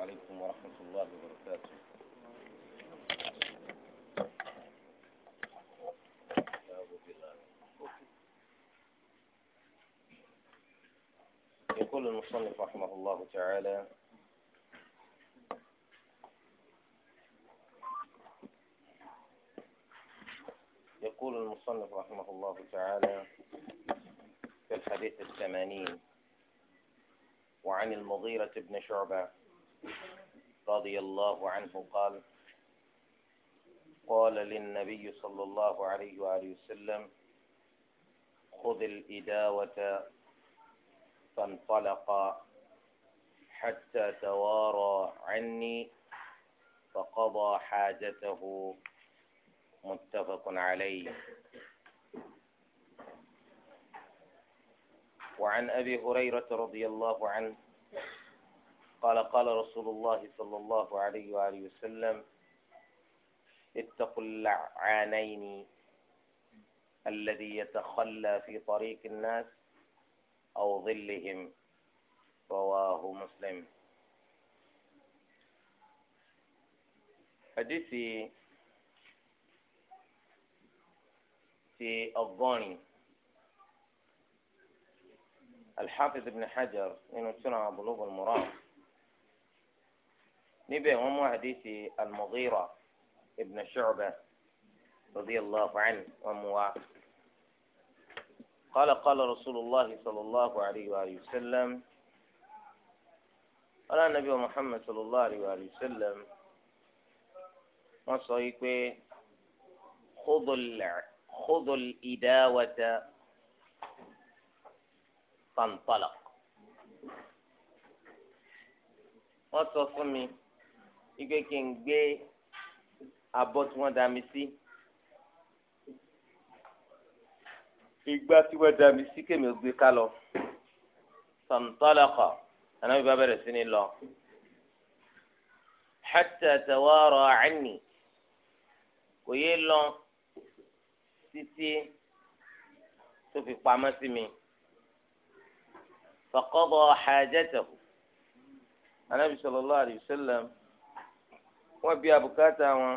عليكم ورحمة الله وبركاته يقول المصنف رحمه الله تعالى يقول المصنف رحمه الله تعالى في الحديث الثمانين وعن المغيرة بن شعبة رضي الله عنه قال قال للنبي صلى الله عليه وآله وسلم خذ الإداوة فانطلق حتى توارى عني فقضى حاجته متفق عليه وعن أبي هريرة رضي الله عنه قال قال رسول الله صلى الله عليه وآله وسلم اتقوا اللعانين الذي يتخلى في طريق الناس أو ظلهم رواه مسلم حديثي في الظاني الحافظ ابن حجر من سنة بلوغ المراد نبي هم حديث المغيرة ابن شعبة رضي الله عنه وموا قال قال رسول الله صلى الله عليه وآله وسلم قال النبي محمد صلى الله عليه وآله وسلم ما صيكوا خذوا خذوا الإداوة فانطلق ما تصمي ike kí n gbé abọ́ tí wọ́n dá mi sí igbá tí wọ́n dá mi sí kémi ò gbé ká lọ fantalaqa anabi bá bẹ̀rẹ̀ sí ni lọ hatta tawara anni kò yé lọ títí tó fi pamọ́ sí mi faqada hajatahu anabi sallallahu alayhi wa sallam. wọ́n bí abùkátà wọn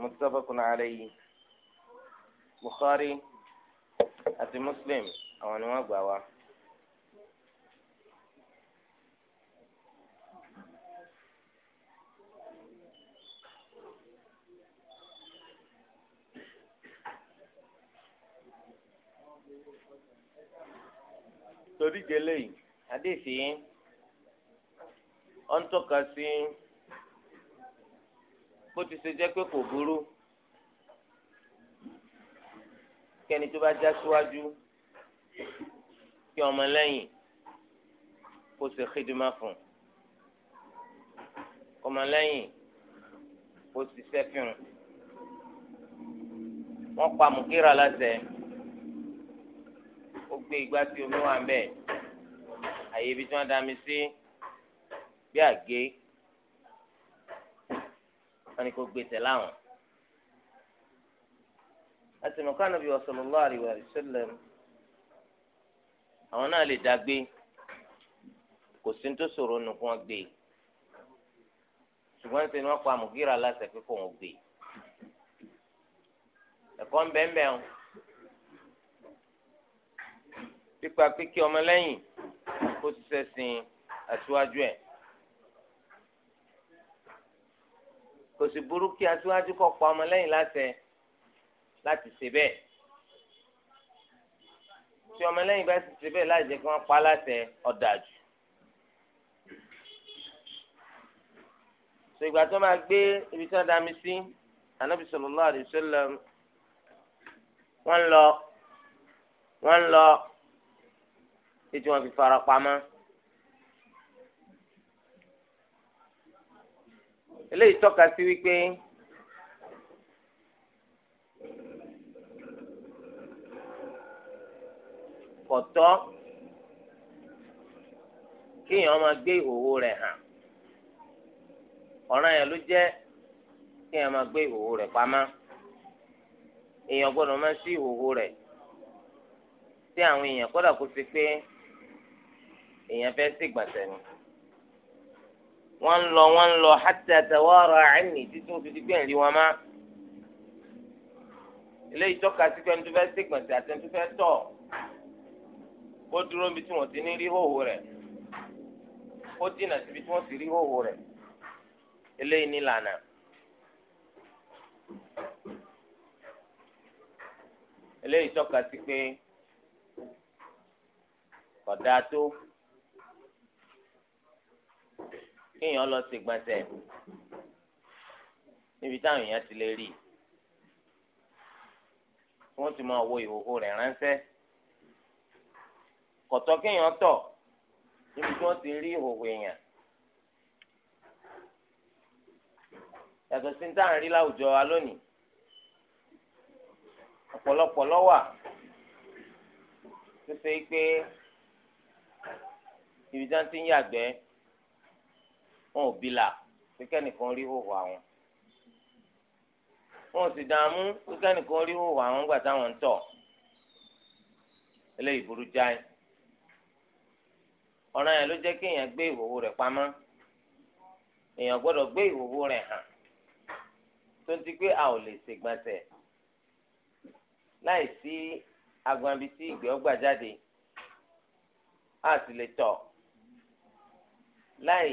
muttafaqun alayhi Bukhari àti Muslim àwọn ni wọn gbà wá. torí délé yìí adéfì ọ̀n tọ́ka sí. Si, bó ti ṣe jẹ́ pé kò burú kẹ́ni tó bá já síwájú kí ọmọ lẹ́yìn kó ṣe xidima fún ọmọ lẹ́yìn kó ṣiṣẹ́ fún wọ́n pa mùkíra láṣẹ ó gbé igbá tí omi wà ń bẹ̀ àyè ibi tí wọ́n dá mi sí bí àgé wọn ni kò gbèsè láwọn. àti mọ̀ká nàbí sallallahu alaihi wa sallam àwọn náà lè dá gbé kò sí tó ṣòro nù kí wọ́n gbé ṣùgbọ́n ṣe ni wọ́n pa Mugira láṣẹ pé kò wọ́n gbé ẹ̀kọ́ ń bẹ́ẹ̀ bẹ́ẹ̀ pípa pé kí ọmọlẹ́yìn kó ṣiṣẹ́ sin aṣíwájú ẹ̀. kò sì burú kí aṣíwájú kọ́ pa ọmọlẹ́yìn láṣẹ láti ṣe bẹ́ẹ̀ tí ọmọlẹ́yìn bá ti ṣe bẹ́ẹ̀ láì jẹ́ kí wọ́n pa láṣẹ ọ̀dàjù. sọ ìgbà tó máa gbé ibi tí wọ́n dá mi sí anabi sallallahu alaihi wasallam wọ́n lọ wọ́n lọ ètò wọn fi fara pamọ́. eléyìí tọ́ka sí wípé kọ̀tọ́ kéèyàn máa gbé ìhòòhò rẹ̀ hàn ọ̀ràn yẹn ló jẹ́ kéèyàn máa gbé ìhòòhò rẹ̀ pamọ́ èèyàn gbọ́dọ̀ máa sí ìhòòhò rẹ̀ sí àwọn èèyàn kódà kó ṣe pé èèyàn fẹ́ sí ìgbàsẹ̀ ni. Wọn ń lọ wọn lọ hatata tawara anni títí wọ́n fi di wọn má. eléyìí tọ́ka sí pé ẹnitó fẹ́ ṣègbọ̀nsẹ̀ tọ̀ kó dúró tí wọ́n ti ní rí rẹ̀ kó dínà wọ́n ti rí hòhò rẹ̀ eléyìí nílànà. eléyìí tọ́ka sí pé kódà kéèyàn lọ sí gbọ̀nsẹ̀ níbi táwọn èèyàn ti lè rí i wọ́n ti máa wo ìhòhò rẹ̀ ránṣẹ́ kọ̀tọ́ kéèyàn tọ̀ níbi tí wọ́n ti rí ìhòhò èèyàn yàtọ̀ sí táwọn rí láwùjọ wa lónìí ọ̀pọ̀lọpọ̀ lọ́wà tó ṣe pé ibi tí wọ́n ti ń yàgbẹ́ wọn ò bìlà pé kẹ́nìkan rí hòhò àwọn wọn ò sì dààmú pé kẹ́nìkan rí hòhò àwọn gbà táwọn ń tọ̀ eléyìí burú jáì ọ̀ràn yẹn ló jẹ́ kí èèyàn gbé ìhòhò rẹ̀ pamọ́ èèyàn gbọ́dọ̀ gbé ìhòhò rẹ̀ hàn tó ń ti pé a ò lè ṣègbọ̀nsẹ̀ láì sí agbanbi tí ìgbẹ́ ọgbà jáde a sì lè tọ̀ láì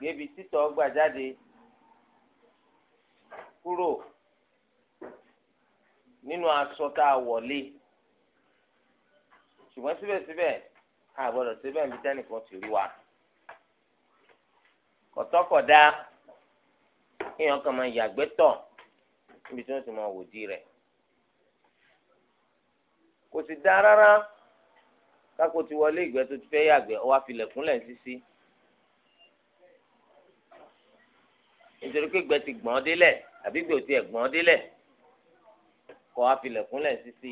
gébi títọ́ gbà jáde kúrò nínú aṣọ tá a wọlé ṣùgbọ́n síbẹ̀síbẹ̀ a gbọ́dọ̀ síbẹ̀ níbi tẹ́nìkan ti rí wa kọ̀tọ́kọ̀dá kéèyàn kan máa yàgbẹ́ tọ̀ níbi tí wọ́n ti máa wò di rẹ̀ kò sì dáa rárá kákò ti wọlé ìgbẹ́ tó ti fẹ́ yàgbẹ́ ó wá filẹ̀kùnlẹ̀ sísí. nítorí pé gbẹ ti gbọ́n délẹ̀ àbí gbẹ ò ti ẹ̀gbọ́n délẹ̀ kọ́ afilẹ̀kúnlẹ̀ sisi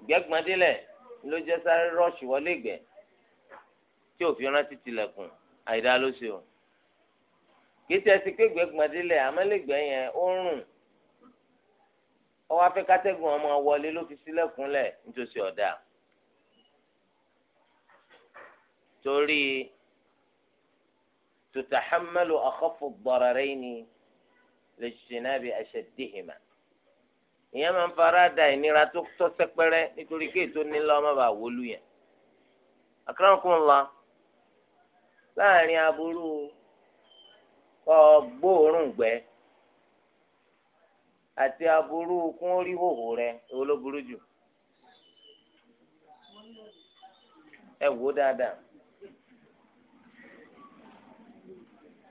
ìgbẹ́gbọ́n délẹ̀ ló jẹ́ sáré rọ́ọ̀ṣì wọlé ìgbẹ́ tí òfin rántí tilẹ̀kùn àìdá ló ṣe o kìí ṣe ẹsìn pé gbẹ́gbọ́n délẹ̀ àmọ́lẹ́gbẹ́ yẹn ó ń rùn ó wá kátẹ́gùn ọmọ wọlé ló fi sílẹ̀kúnlẹ̀ nítòsí ọ̀dà torí. تتحمل أخف الضررين لاجتناب أشدهما ìyẹn máa ń fara da ìnira tó tọ́ sẹ́pẹ́rẹ́ nítorí kí ètò nílá ọmọ bá wọlú yẹn àkàràǹkùn ńlá láàrin aburú kọ gbóòórùn gbẹ àti aburú kún orí hòhò rẹ èwo ló burú jù ẹ wò dáadáa.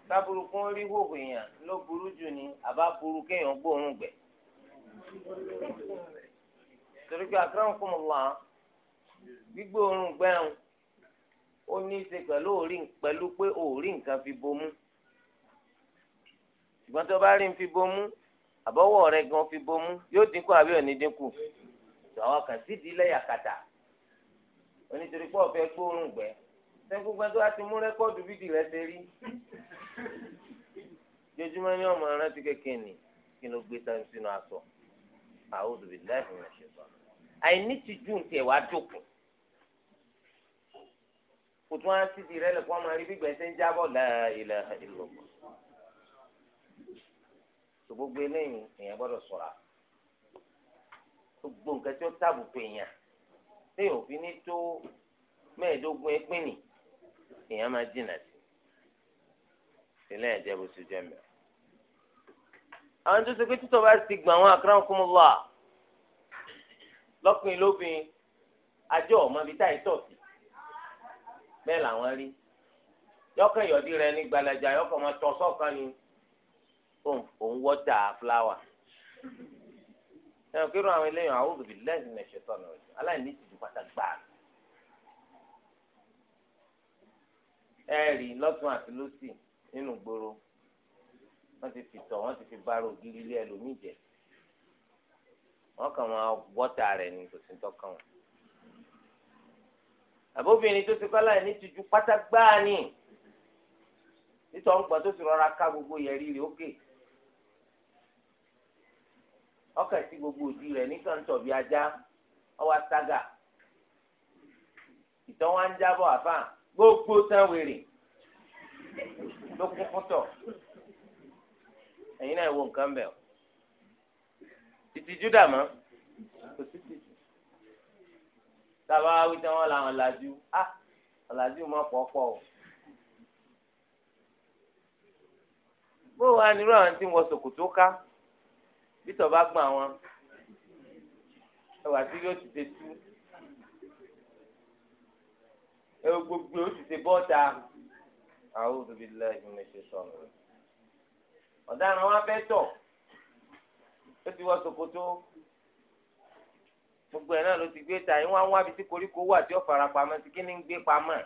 sábúrú kún rí hòhò èèyàn ló burú jù ní àbá burú kéèyàn gbóòórùn gbẹ. torí pé àkàràn kún un wá gbígbóòórùn gbẹ́rùn ó ní í ṣe pẹ̀lú òrí pẹ̀lú pé òrí nǹkan fi bomú. ṣùgbọ́n tó bá rí n fi bomú àbọ̀wọ̀ rẹ̀ gan fi bomú yóò dínkù àbí òní dínkù. àwọn kan sídìí lẹ́yà kàtà onítorí pé ọ̀fẹ́ gbóòórùn gbẹ́ ṣé gbogbo ẹni tó bá ti mú rẹ́kọ́ọ̀dù bídì rẹ ṣe rí jojúmọ́ ní ọmọ ẹran ti kékeré ni kí ló gbé sáyẹn sínú aṣọ àwòdù bíi lẹ́ẹ̀fù rẹ̀ ṣe sọ àìní ti jù ní tiẹ̀ wá jókòó kò tún á síbi rẹ lẹ́kọ́ ọmọ rí gbígbẹ́ ṣe ń jábọ̀ láìlẹ̀ ìlọ́gbọ̀n tó gbogbo eléyìí èèyàn gbọ́dọ̀ ṣọ́ra gbogbo nǹkan tí ó tàbùkù èèyàn téèyàn ò ní tó mẹ́ẹ̀ẹ́dógún ẹpín èèyàn máa jìnnà sí sílẹ̀ ẹ̀jẹ̀ bó ṣe jẹ́ mi. àwọn tó ṣe pé títọ́ bá ti gbà wọn àkàrà fún mi lọ lọ́kùnrin lóbìn àjọ ọ̀mọ bíi táyì tọ̀sí bẹ́ẹ̀ làwọn rí yọkàn yọ̀dí rẹ ní gbalaja yọkàn máa tọ́ sọ́kàn ni òun wọ́tà fúláwà ẹ̀rọ kí ló àwọn eléyàn àwọn òbí lẹ́sìn ẹ̀ṣẹ̀ tọ̀nà aláìní ti di pàtàkì gbàgbé. ẹ rí lọ́tún àti lọ́sì nínú gbòòrò wọ́n ti fi tọ̀ wọ́n ti fi bára ògiri ilé ẹlòmíì jẹ wọ́n kàn máa wọ́tà rẹ̀ ní tòsí tọ́kàn wọn. àbóbìnrin tó ti kọ́lá ẹ̀ ní tuju pátá gbáà ni nítorí ọ̀gbọ́n tó ti rọra ká gbogbo yẹrí rẹ̀ ókè ọkàn sí gbogbo òdì rẹ̀ nìkan tọ̀ bí ajá ọwọ́ àtàgà ìtọ́ ń jábọ̀ àfáà gbogbo sáwèrè ló kún fútọ̀ ẹ̀yin náà wo nǹkan bẹ̀ ọ́ ìtìjú dà mọ́ kò sí tìjú tábà wí tí wọ́n làwọn làjú á ah! làjú mọ́ pọ̀pọ̀ o. bó wa nírú àwọn tí wọ́n sòkòtò ká bí tọ́ bá gbọ́n àwọn ẹwà tí yóò ti dé tú ewu gbogbo o ti ṣe bọ́ta àwọn òbí lẹ́yìn ìmọ̀ ìṣe sọ̀rọ̀ ọ̀daràn wa fẹ́ tọ̀ ó ti wọ ṣòkòtò gbogbo ẹ̀ náà ló ti gbé ta yín wá ń wábi tí koríko wà tí ó fara pamọ́ tí kí ni ń gbé pamọ́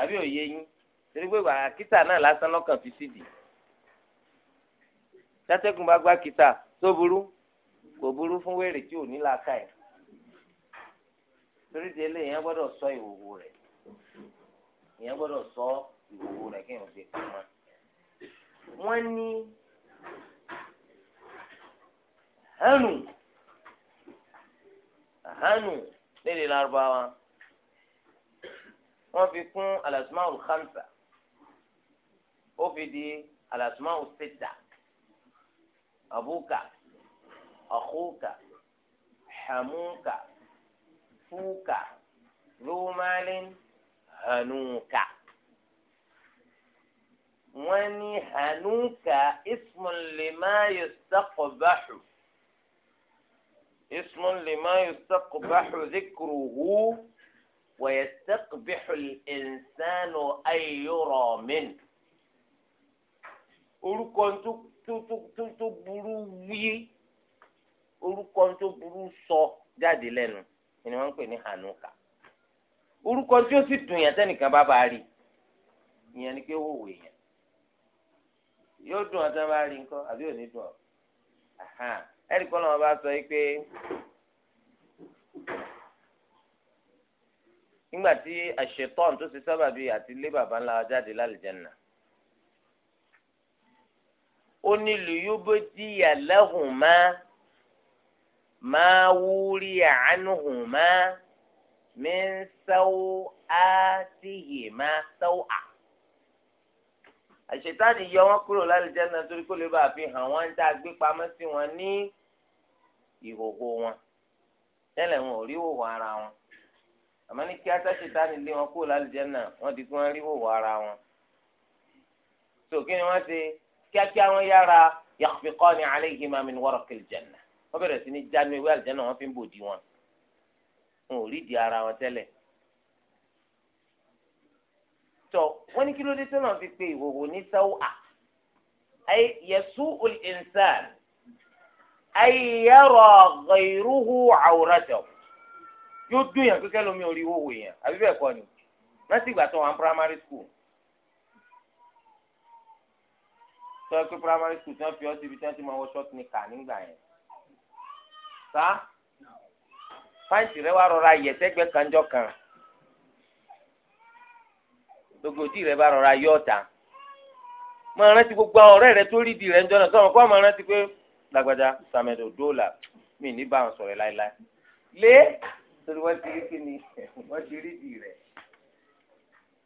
àbí òye yín torí pé àkítà náà lásán lọ́kàn fi sídì tátẹ́gùn bá gbá kìtà tó burú kò burú fún wèrè tí ò ní làákà ẹ̀ torí di eléyìí yẹn gbọ́dọ̀ sọ ìwòwò rẹ̀ yẹn gbọ́dọ̀ sọ ìwòwò rẹ̀ kéèyàn fi pamọ́. wọ́n ní hánù hánù lédè lárúbáwá wọ́n fi kún alasumahu khamsa ó fi di alasumahu sita abuka akuka hamuka fuka lómalin hanuka wọ́n ní hanuka ismun lima yustaqbahu ismun lima yustaqbahu dhikruhu wa yastaqbihu al-insanu an yura minhu orúkọ tó burú wí orúkọ tó burú sọ jáde lẹ́nu ni wọ́n ń pè ní hanuka orúkọ tí ó sì dùn yẹn sẹ́nìkan bá bá rí ìyẹn ni pé wòwò yẹn yóò dùn ọ́ sẹ́n bá rí nǹkan àbí òní dùn ọ́ ẹ̀rí kọ́ lọ́wọ́ bá sọ yìí pé nígbà tí àṣetọ́n tó ṣe sábàbí àti ilé bàbá ńlá jáde lálùjánnà ó ní lùyúbó díyà lẹ́hùn máa. ما ولي عنهما من سوءاتهما سوءا àṣetáni yọ wọn kúrò lálùjáná torí kó lè bá a fi hàn wọn tá a gbé pamọ́ sí wọn ní ìhòhò wọn tẹ́lẹ̀ wọn ò rí ìhòhò ara wọn àmọ́ ní kí aṣáṣetáni lé wọn kúrò lálùjáná wọn di kí wọ́n rí ìhòhò ara wọn. tó ni wọ́n ṣe kíákíá wọn yára yakhfiqani alayhima min waraqil janna wọ́n bẹ̀rẹ̀ sí ní jánu ewé àlìjáná wọ́n fi ń bòdì wọn wọn ò rí di ara wọn tẹ́lẹ̀ tọ wọ́n ní kí ló dé tó náà fi pé ìhòòhò ní sáwà ayé yẹsù olùsàn ayé yẹrọ ghayruhu awratahu yóò dún yàn kíkẹ́ lómi orí ìhòòhò yẹn àbí bẹ́ẹ̀ kọ́ ni láti ìgbà tó wà primary school. sọ pé primary school tí wọ́n fi ọ́ síbi tí wọ́n ti máa wọ ṣọ́ọ̀tì ní kà nígbà yẹn sá pàǹtì rẹ wá rọra yẹ sẹ́gbẹ́ kanjọ kan dògòdì rẹ bá rọra yọ ọ̀tá máa rántí gbogbo àwọn ọ̀rẹ́ rẹ tó rí di rẹ ń jọ́nà sọ̀rọ̀ kó máa rántí pé làgbàdà sàmẹ̀dọ̀ dóòlà mi ní bá wọn sọ̀rọ̀ láéláé lé torí wọ́n ti rí kí ni wọ́n ti rí di rẹ̀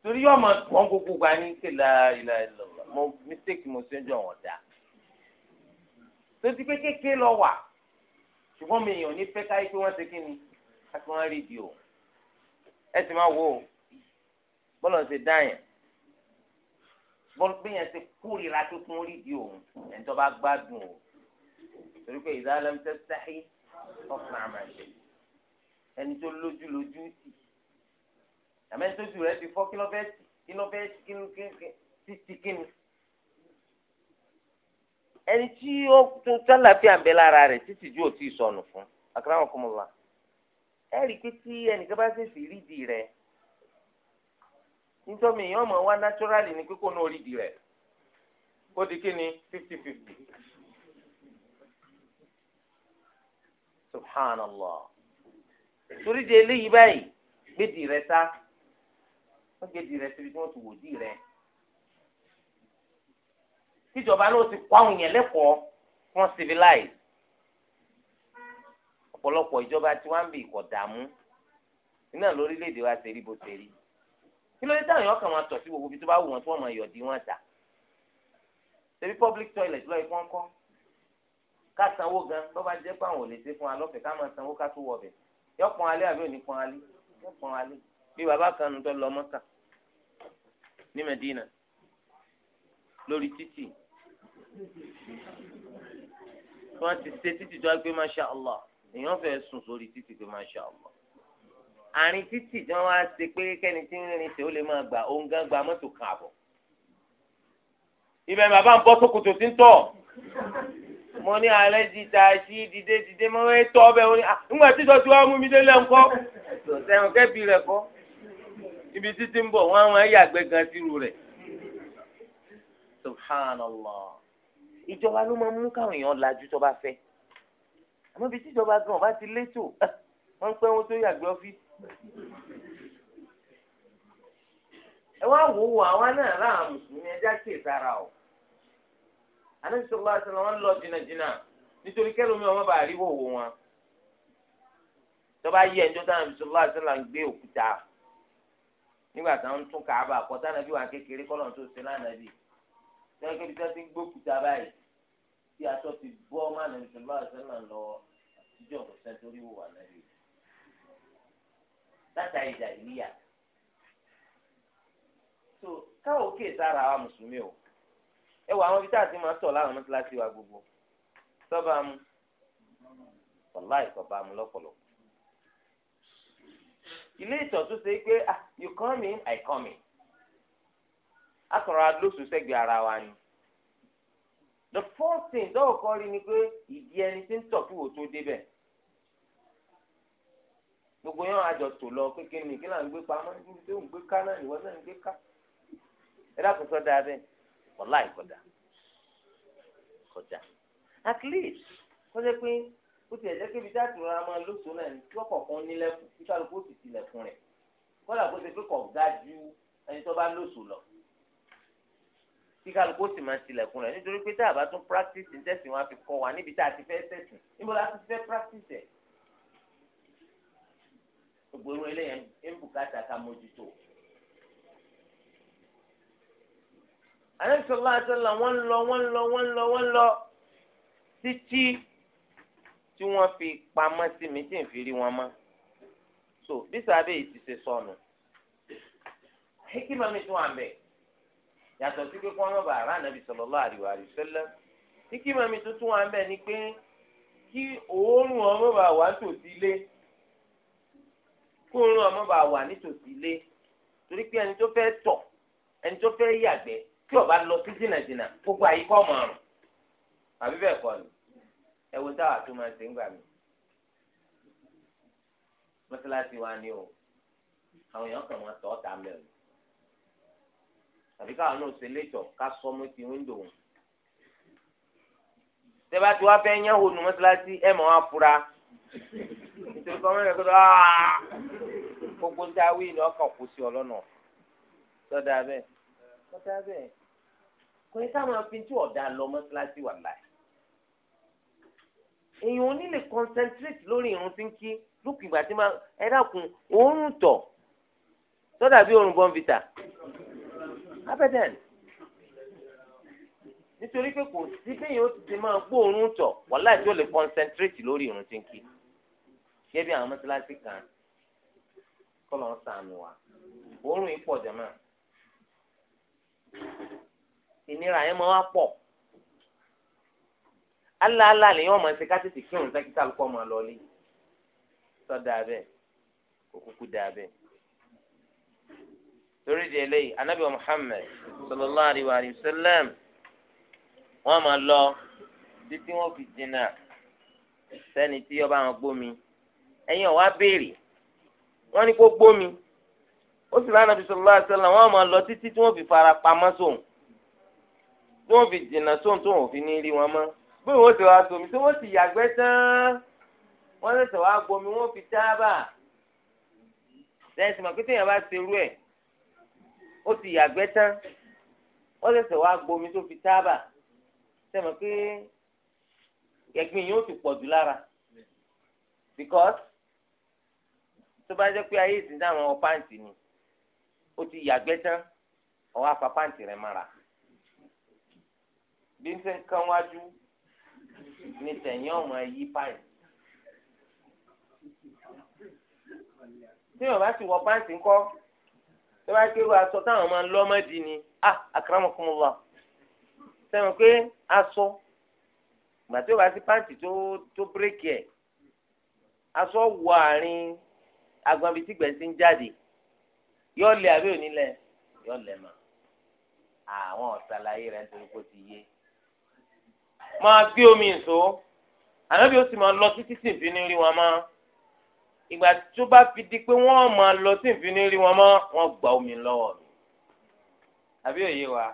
torí yóò máa wọn gbogbo gba ní kéla ìlà ìlọ mo mistake mo ṣe ń jọ wọn dá tó kékeré lọ wà ṣùgbọ́n mi èèyàn ní fẹ́ káyé pé wọ́n ṣe kí ni àti wọ́n rí di o ẹ sì máa wò ó bọ́lọ̀ ṣe dáyàn bọ́lọ̀ yẹn ṣe kórìíra tó tún rí di òun ẹ̀ ń tọ́ bá gbádùn o torí pé ìdálẹ́ mi tẹ́tẹ́ ṣáyé ọ̀sán àmàṣe ẹni tó lójú lójú tì àmẹ́ńtójú rẹ ti fọ́ kí ló fẹ́ kí ló fẹ́ kí ló fẹ́ tì kí ni. ẹni tí ó tálàfíà ń bẹ lára rẹ̀ títí ju òtí sọnù fún àkàràwọ kò mọ wa ẹ rí i pé tí ẹnìkan bá ṣèṣì rídìí rẹ̀ nítorí èèyàn mọ̀ wá naturally ní kíkó náà rídìí rẹ ó di kí ni fifty fifty subhanallah torí di eléyìí báyìí gbèdì rẹ̀ sá wọn gbèdì rẹ̀ síbi tí wọn ti wò dì tíjọba náà ti kọ́ àwọn yẹn lẹ́kọ̀ọ́ fún civilize ọ̀pọ̀lọpọ̀ ìjọba tí wọ́n ń bì kọ̀ dààmú iná lórílẹ̀‐èdè wa ṣe rí bó ṣe rí kí ló dé táwọn èèyàn kan máa tọ̀ sí gbogbo ibi tó bá wù wọ́n tí wọ́n máa yọ̀dí wọn dà ṣebí public toilet lọ́ọ́ ikán kọ́ ká sanwó gan ló bá jẹ́ pé àwọn ò lè ṣe fún wa lọ́fẹ̀ẹ́ ká máa sanwó ká tó wọ̀ bẹ̀ yọ pọn alẹ́ àbí òní pọn alẹ́ yọ pọn alẹ́ bí bàbá kan tó lọ mọ́ta ní Medina lórí títì wọ́n ti ṣe títì tó gbé masha allah èèyàn fẹ́ sùn sórí títì gbé masha allah àárín títì tí wọ́n wá ṣe pé tí ń ṣe ó lè máa gbà gba mọ́tò kan àbọ̀ ibẹ̀ ní alẹ́ ń tọ́ ọbẹ̀ ah, mú mi sẹ́wọ̀n kẹ́bi ìjọba ló máa ń mú káwọn èèyàn lajú tó bá fẹ́ àmọ́ ibi tí ìjọba gan ọba ti létò wọ́n pẹ́ wọn tó yàgbẹ́ ọ́fíìsì. ẹ wá wò ó àwa náà láwọn mùsùlùmí ẹja kì í sára o àná sọlá sọlá wọn lọ jìnnàjìnnà nítorí kẹlòmí ọmọ bá rí wòwò wọn tọ́ba yí ẹjọ́ táwọn sọlá sọlá ń gbé òkúta nígbà táwọn tún kàá bá àkọ́tà nàbí wà kékeré kọ́lọ̀ tó ṣe lánàá bì tẹ́lẹ̀ kébi tí wọ́n ti ń gbókúta báyìí tí aṣọ ti bọ́ ọmọ àná ìṣòro àṣẹlá lọ àtijọ́ kò sẹ́ni tó rí wò wà lẹ́yìn látà ìjà ìníyà so káwọn òkè sára àwọn mùsùlùmí o ẹ wọ àwọn ibi tá a ti máa tọ̀ láwọn mọ́tíláṣí wa gbogbo sọ́ba mu ọ̀la ìkọ̀ba mu lọ́pọ̀lọpọ̀ ilé ìtọ́jú ṣe pé ah you come in I come in akọ̀rọ̀ adóṣù sẹ́gbẹ̀ẹ́ ara wa ni the fourth thing tó kọ́ rí ni pé ìdí ẹni tí ń tọ̀ kí wò tó débẹ̀ gbogbo yẹn àjọ tò lọ kékeré ní kí là ń gbé pamọ́ níbi tí ò ń gbé ká náà ìwọ náà ń gbé ká ẹ dákun sọ dáa bẹ́ẹ̀ wàlá ìkọjá kọjá at least kọjá pé ó ti ẹ̀jẹ̀ kébi tá a tún ra máa lóṣù náà ní kọ́kọ̀ọ̀kan nílẹ̀kùn kí kálukú ó sì tilẹ̀kùn rẹ̀ kọ́dà kó ṣe pé kọ̀ ga ju ẹni tó bá lóṣù lọ kí kálukú sì máa tilẹ̀kùn rẹ̀ nítorí pé tá a bá tún practice ń wọn á fi kọ́ wa níbi tá a ti fẹ́ tẹ̀sìn níbo la ti fẹ́ practice ẹ̀. gbogbo irú eléyẹn ń bùkátà ká mójútó. àlẹ́sọ̀lá àtẹ́là wọ́n lọ wọ́n lọ wọ́n lọ wọ́n lọ títí tí wọ́n fi pamọ́ sí mi tí n fi rí wọn mọ́. so bí sábẹ́ yìí ti ṣe sọnù. hikima mi tún wà bẹ́ẹ̀ yàtọ̀ sí pé kí wọ́n má bàa rà nàbì sallallahu alaihi wasallam ní kí màmí tuntun wà ń bẹ̀ ni pé kí òórùn ọmọ bàa wà nítòsí ilé kó òórùn ọmọ bàa wà nítòsí ilé torí pé ẹni tó fẹ́ tọ̀ ẹni tó fẹ́ yàgbẹ́ kí ó bá lọ sí jìnnàjìnnà gbogbo àyíkọ́ ọmọ àrùn àbí bẹ́ẹ̀ kọ́ ni ẹ wo táwa tó máa ṣe ń gbà mí mọ́sálásí wa ni o àwọn èèyàn kàn wọ́n tọ́ ta mẹ́rin tàbí káwọn náà ṣe létọ ká sọ mọ ti wíńdò wọn. tẹ́bá tí wàá fẹ́ yẹn wò nu mọ́ṣáláṣí ẹ̀ mọ́ wá fura nítorí kọ́ mẹ́rin kọ́tọ́ gbogbo ń dáwé ni ọkàn kò sí ọlọ́nà tọ́da bẹ́ẹ̀ tọ́da bẹ́ẹ̀ kò ní káwọn afi tí ọ̀dà lọ mọ́ṣáláṣí wà láì. èèyàn ò ní lè concentrate lórí irun tí ń kí lókùn ìgbà tí máa ẹ dákun òórùn tọ̀ tọ́da bí òórùn bọ́ǹbìtà abẹ́dẹ̀n nítorí pé kò sí bẹ́yìn ó ti ti máa gbóòórùn tọ̀ wàhálà tí ó lè concentrate lórí ìrun tí ń kí ṣé bí àwọn mọ́tíláṣí kan kọ́ lọ́n sànù wa òórùn yìí pọ̀ jẹ́mọ́ ìnira yẹn máa wá pọ̀ aláàlá lèyìn ọmọ ẹsẹ kátìtì kírun sẹ́kítà lùkọ́ máa lọ lé sọ́dà bẹ́ẹ̀ kò kúkú dà bẹ́ẹ̀ torí di eléyìí anabi muhammed sallallahu alayhi wa sallam wọ́n máa lọ títí wọ́n fi jìnnà sẹ́ni tí ọba àwọn gbómi ẹ̀yin ọ̀wá béèrè wọ́n ní kó gbómi ó sì lánàá bí sallallahu alayhi wa sallam wọ́n máa lọ títí tí wọ́n fi fara pamọ́ sóhun tí wọ́n fi jìnnà sóhun tó wọ́n fi ní rí wọn mọ́ bí wọ́n ti wá sómi tí wọ́n ti yàgbẹ́ tán wọ́n ṣẹ̀ṣẹ̀ wá gbomi wọ́n fi tábà lẹ́yìn tí màkìtì yẹn bá ṣerú ẹ̀ ó ti yàgbẹ́ tán ó ṣẹ̀ṣẹ̀ wá gbomi tó fi tábà sẹ́mi pé ẹ̀gbin yóò ti pọ̀ lára because tó bá jẹ́ pé ayé ìsìn náà wọn pàǹtì ni ó ti yàgbẹ́ tán ọwọ́ afa pàǹtì rẹ̀ mara bí ń ṣe ń kán wájú ni tẹ̀yìn ọmọ yí pàǹtì. tí yorùbá ti wọ pàǹtì ńkọ́ tó bá kéwò aṣọ táwọn máa ń lọ́ mọ́dì ni a ah, akramakumullah sẹ́wọ̀n pé aṣọ gbà tí o bá sí pàǹtì tó tó bírèkì ẹ̀ aṣọ wọ àárín agbọ̀nbi tí gbẹ̀nsì ń jáde yọ lẹ̀ àbí onílẹ̀ yọ lẹ̀ mà àwọn ọ̀sàlàyé rẹ̀ nítorí kó ti yé máa gbé omi ìṣó àná bí ó sì máa lọ títí sí ìfínírí wọn máa ìgbà tó bá fi di pé wọ́n máa lọ sí ìfini rí wọn mọ́ wọ́n gba omi lọ́wọ́ mi àbí òye wa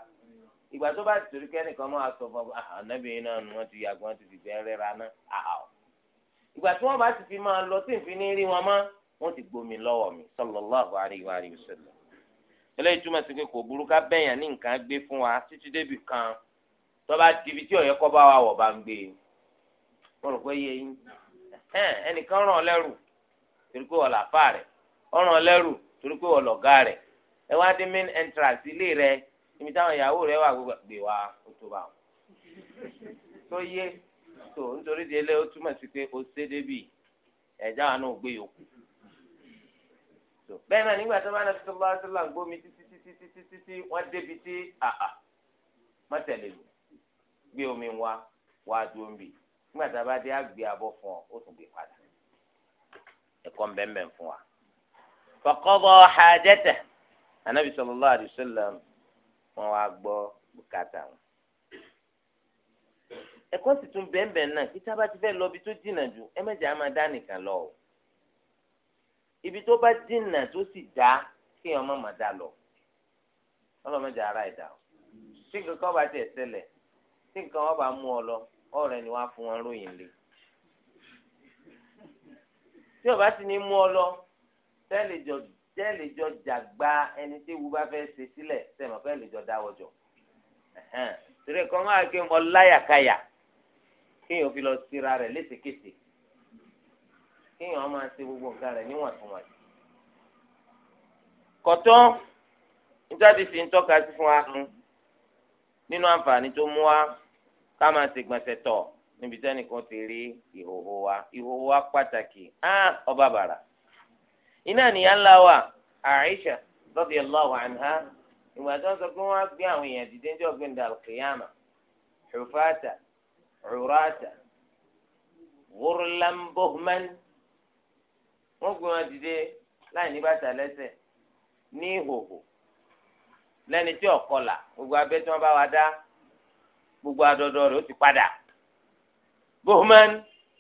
ìgbà tó bá torí kẹ́nìkan máa sọ fún ọ ah, ànábìyẹn náà ni wọ́n ti yàgbọ́n wọ́n ti fi bẹ́ẹ̀ rẹ́ra náà àhàó ah, ah. ìgbà tí wọ́n bá ti fi máa lọ sí ìfini rí wọn mọ́ wọ́n ti gbomi lọ́wọ́ mi sallallahu alaihi wa alihi wasallam eléyìí túmọ̀ sí pé kò burú ká bẹ̀yàn ní nǹkan gbé fún wa títí débi kan tó bá dibi tí ọ̀yẹ́ kọ́ bá wà wọ̀ bá ń gbé e wọ́n rò pé yẹ yín ẹnìkan ràn ọ́ lẹ́rù torí pé wọ́n là fà rẹ̀ ọ̀ràn lẹ́rù torí pé wọ́n lọ̀gá rẹ̀ ẹ wá dé main entrance ilé rẹ̀ ibi táwọn ìyàwó rẹ̀ wà gbé wa ó tó bá wọn. tó yé tó nítorí di ẹlẹ́ ó túmọ̀ sí pé ó ṣe débì ẹ̀já wa náà gbé yòókù. bẹ́ẹ̀ náà nígbà tó bá náà sọ́lá sọ́lá ń gbómi títí títí títí títí wọ́n débi tí àà má tẹ̀lé lò gbé omi wa wá dúró ń bì nígbà tá a bá dé á abọ́ fún ọ ó tún gbé padà. ẹ̀kọ́ mbẹ́mbẹ́ fún wa. faqada hajatah anabi sallallahu alaihi wọn wá gbọ́ bùkátà wọn. ẹ̀kọ́ sì tún bẹ́ẹ̀nbẹ́ẹ̀ náà kí sábà ti fẹ́ lọ ibi tó jìnnà jù ẹ á máa o. ibi tó bá jìnnà tó sì dá kéèyàn má máa dá lọ. ọlọ́mọdé ara ẹ̀ dà o. tí nǹkan kan bá tiẹ̀ ṣẹlẹ̀ tí nǹkan wọn bá mú ọ lọ ọ̀rẹ́ ni wọ́n tí o bá ti ní mú ọ lọ tẹ́lẹ̀ jọ tẹ́lẹ̀ jọ jàgbá ẹni tí ewu bá fẹ́ ṣe sílẹ̀ sẹ́mi ọ̀fẹ́ lè jọ dáwọ́ jọ torí ẹ̀kọ́ máa ké mọ láyàkáyà kéèyàn fi lọ síra rẹ̀ léṣekéṣe kéèyàn máa ṣe gbogbo nǹkan rẹ̀ níwọ̀ntúnwọ̀nsì kọ̀tọ́ nítorí fi ń tọ́ka sí fún wa nínú àǹfààní tó mú wa ká máa ṣègbọ̀nsẹ̀ tọ̀. níbi tí ẹnìkan ti rí ìhòhò wa ìhòhò wa pàtàkì ọba bàrà iná wa Aisha radiyallahu anha ìgbà tí wọ́n sọ pé wọ́n á gbé àwọn èèyàn dìde ní ọ̀gbìn dàlùkìyàmà hufata urata ghurlan wọ́n gbé wọn dìde láì ní bàtà lẹ́sẹ̀ ní ìhòhò gbogbo abẹ́ tí wọ́n bá gbogbo adọ́dọ́ rẹ̀ ó ti bohman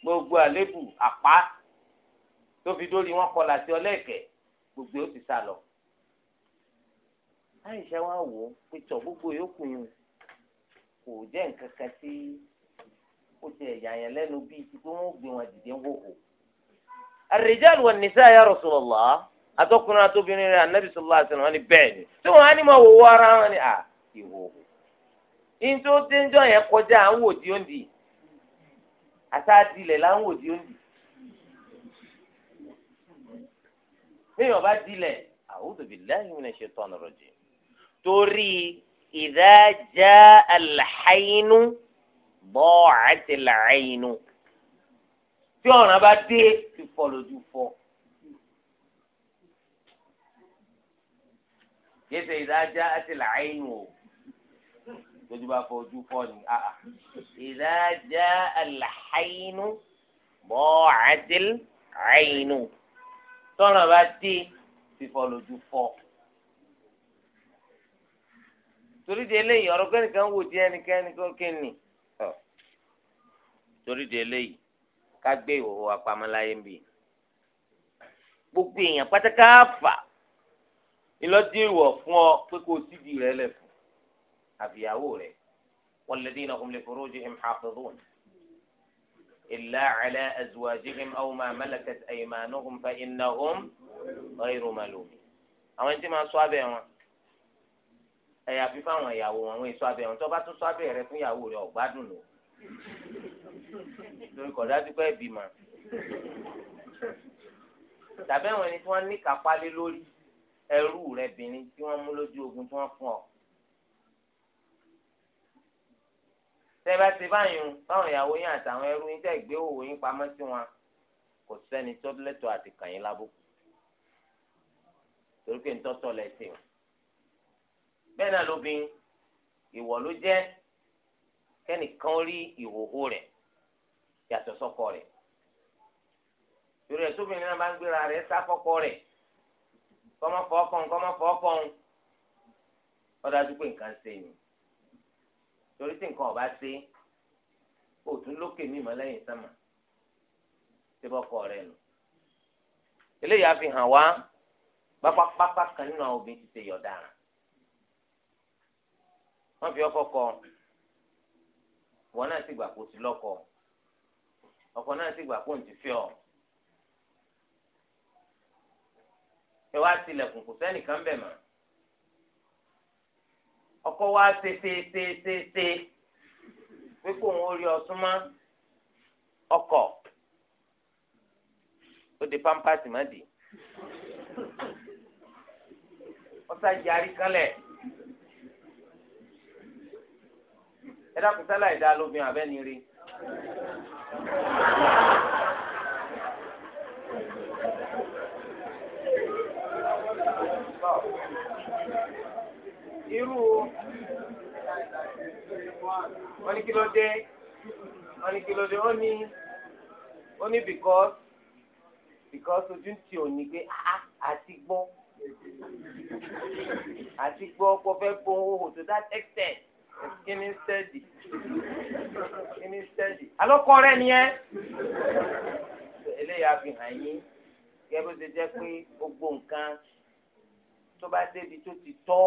gbogbo àlébù àpá tó fi dórí wọn kọlà sí ọlẹ́ẹ̀kẹ́ gbogbo yóò ti sá lọ. Àìṣà wa wò ó gbogbo yòókù yìí kò jẹ́ nǹkan kan tí ó ti ẹ̀yà yẹn lẹ́nu bíi ti pé wọ́n gbé wọn nisa ya atọ́kùnrin atóbìnrin rẹ̀ ni ni tí wọ́n á ní ara ni à ìwòhò. Ìyẹn tó ń jọ yẹn kọjá à ń wò àtàdì ilẹ̀ là ń wò di òǹdì bẹ́ẹ̀ ọba dilẹ̀ a'udhu billahi minash shaitani rajim torí idha jaa al-haynu da'at al-'aynu tí ọ̀ràn bá dé fífọ́ lójú fọ́. yẹ́sẹ̀ idha jaa al o lójú bá fọ ojú fọ ni a ìdájà àlàáyínú bọ́ àdìl àyínú tọ́nà bá dé fífọ lójú fọ. torí de eléyìí ọ̀rọ̀ kẹ́nìkan wò di ẹnìkan ẹnìkan kẹ́nì torí de eléyìí ká gbé ìhòòhò apamọ́láyé ń bì gbogbo èèyàn pátákà fà fún ọ pé kó o sídìí rẹ lẹ̀ fún àfìyàwó rẹ̀ walladhina hum li furujihim hafidhun illa ala azwajihim aw ma malakat aymanuhum fa innahum ghayru malumin. àwọn tí máa ṣọ́ abẹ́ wọn àyàfi fáwọn ìyàwó wọn àwọn èso abẹ́ wọn tó bá tún ṣọ́ abẹ́ rẹ fún ìyàwó rẹ ọ̀gbádùn lò lórí kọ̀dájú pé ìbímọ tàbí àwọn ẹni tí wọ́n ní kápálé lórí ẹrú rẹ bìnrin tí wọ́n mú lójú ogun tí wọ́n fún ọ tẹ́lá ti báyìí báwọn ìyàwó yín àtàwọn ẹrú yín tẹ́ gbé òwò yín pamọ́ sí wọn kò sẹ́ni tó lẹ́tọ̀ọ́ àti kàn yín lábùkù torí pé ntọ́tọ́ lẹ sí o bẹ́ẹ̀ náà ló bí ìwọ ló jẹ́ kẹ́nìkan rí ìhòhò rẹ̀ yàtọ̀ sọ́kọ rẹ̀ torí ẹ̀ sóbìnrin náà bá ń gbéra rẹ̀ sáfọ́kọ rẹ̀ kọ́mọ́fọ́ ọkàn kọ́mọ́fọ́ ọkàn ọ̀dájú pé nǹkan ṣe yìí torí tí nǹkan ọba ṣe òtún lókè mímọ́ lẹ́yìn sánmà tí bọkọ rẹ nù eléyìí àfihàn wá pápápápá kan nínú àwọn obìnrin ti ṣe yọ̀dára wọ́n fi ọkọ kọ wọn náà sì gbà kó ti lọ́kọ ọkọ náà sì gbà kó ti fi ọ ẹ wá tilẹ̀kùn kò sẹ́nìkan bẹ̀ mọ́ ọkọ wa ṣe ṣe ṣe ṣe ṣe pé kò ń orí ọtún mọ́ ọkọ ó de pampasi má di ọsà yarí kálẹ̀ ẹ dákun sálà ẹ̀dá lóbìn abẹ́ni rí. Thank irú wọ́n ní kí ló dé wọ́n ní kí ló dé wọ́n ní wọ́n ní because because ojú ti ò ní pé àti ah, ah, gbọ́ àti gbọ́ kó fẹ́ gbóhùn to that extent kíni sẹ́ẹ̀dì kíni sẹ́ẹ̀dì alọ́kọ́ rẹ̀ nìyẹn eléyà fi hàn yín gẹ́gẹ́ bó ṣe jẹ́ pé gbogbo nǹkan tó bá débi tó ti tọ́.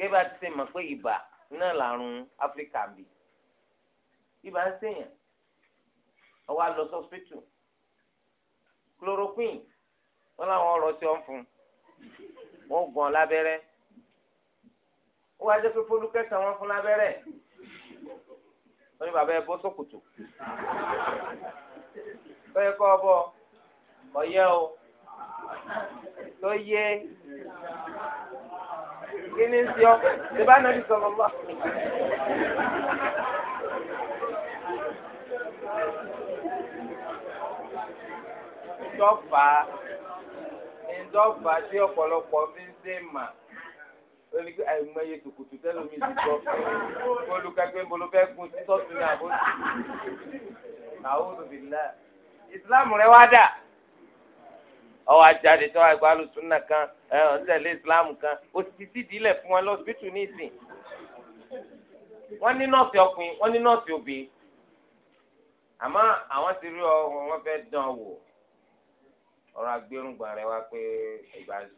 kébà ti ṣe mọ̀ pé ibà náà làrùn áfíríkà bì ibà ń ṣèyàn ọwọ́ àlọ́ sọ́spítù chloroquine wọ́n làwọn ọ̀rọ̀ tí wọ́n fún wọ́n gàn lábẹ́rẹ́ ó wá jẹ́ pé fọlùkẹ́sà wọn fún lábẹ́rẹ́ wọ́n ní bàbá ẹ bọ́ sókòtò lọ́yẹ kọ́ ọbọ̀ ọ̀yẹ́ o ló kí ni sí ọ ṣe bá nàbí sọ̀rọ̀ bá. ìdọ́fà ìdọ́fà tí ọ̀pọ̀lọpọ̀ fi ń ṣe mà lórí àìmọye tòkòtò tẹ́lẹ̀ mi ti sọ olùkẹ́gbẹ́ mo ló fẹ́ gun títọ́sí ní àbójú àwọn olùbílẹ̀ ìsìláàmù rẹ wá dà ọwọ́ ajáde tó wà gbàlù súnà kan ọ̀nlẹ̀lẹ̀ islam kan o ti ti dílẹ̀ fún wọn lọ́sibítù ní wọ́n ní nọ́ọ̀sì ọkùnrin wọ́n ní nọ́ọ̀sì obìnrin àmọ́ àwọn ti rí ọ wọ́n fẹ́ dán wò ọ̀rọ̀ agbérùngbà rẹ wá pé ìgbà ń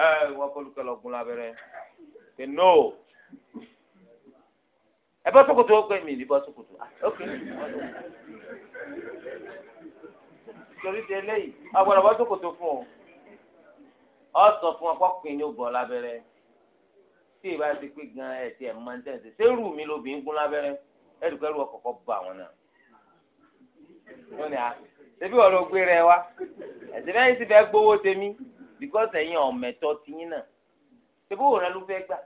ẹ wọ́n kọ́lùkọ́ lọ gún lábẹ́rẹ́ pé no ẹ bọ́ sókòtò ó pè mí ní bọ́ sókòtò ah, torí ti eléyìí agbọ́dọ̀ bọ́ jókòtò fún ọ. ọ sọ fún ọ kọkùnrin ni ó bọ̀ lábẹ́rẹ́ tí ìbá ti pé gan ẹ̀ tí ẹ̀ máa ń tẹ̀sí sẹ́rù mi lóbìnrin gún lábẹ́rẹ́ ẹ̀dùkẹ́rù ọkọ̀ọ̀kọ̀ bọ àwọn náà. lónìí à ṣébí wọn ló gbé rẹ wá ẹ̀sìn bẹ́ẹ̀ ti fẹ́ gbowó tèmi because ẹ̀yin ọ̀mẹ̀tọ́ tiyín náà ṣébí wọn ló fẹ́ gbà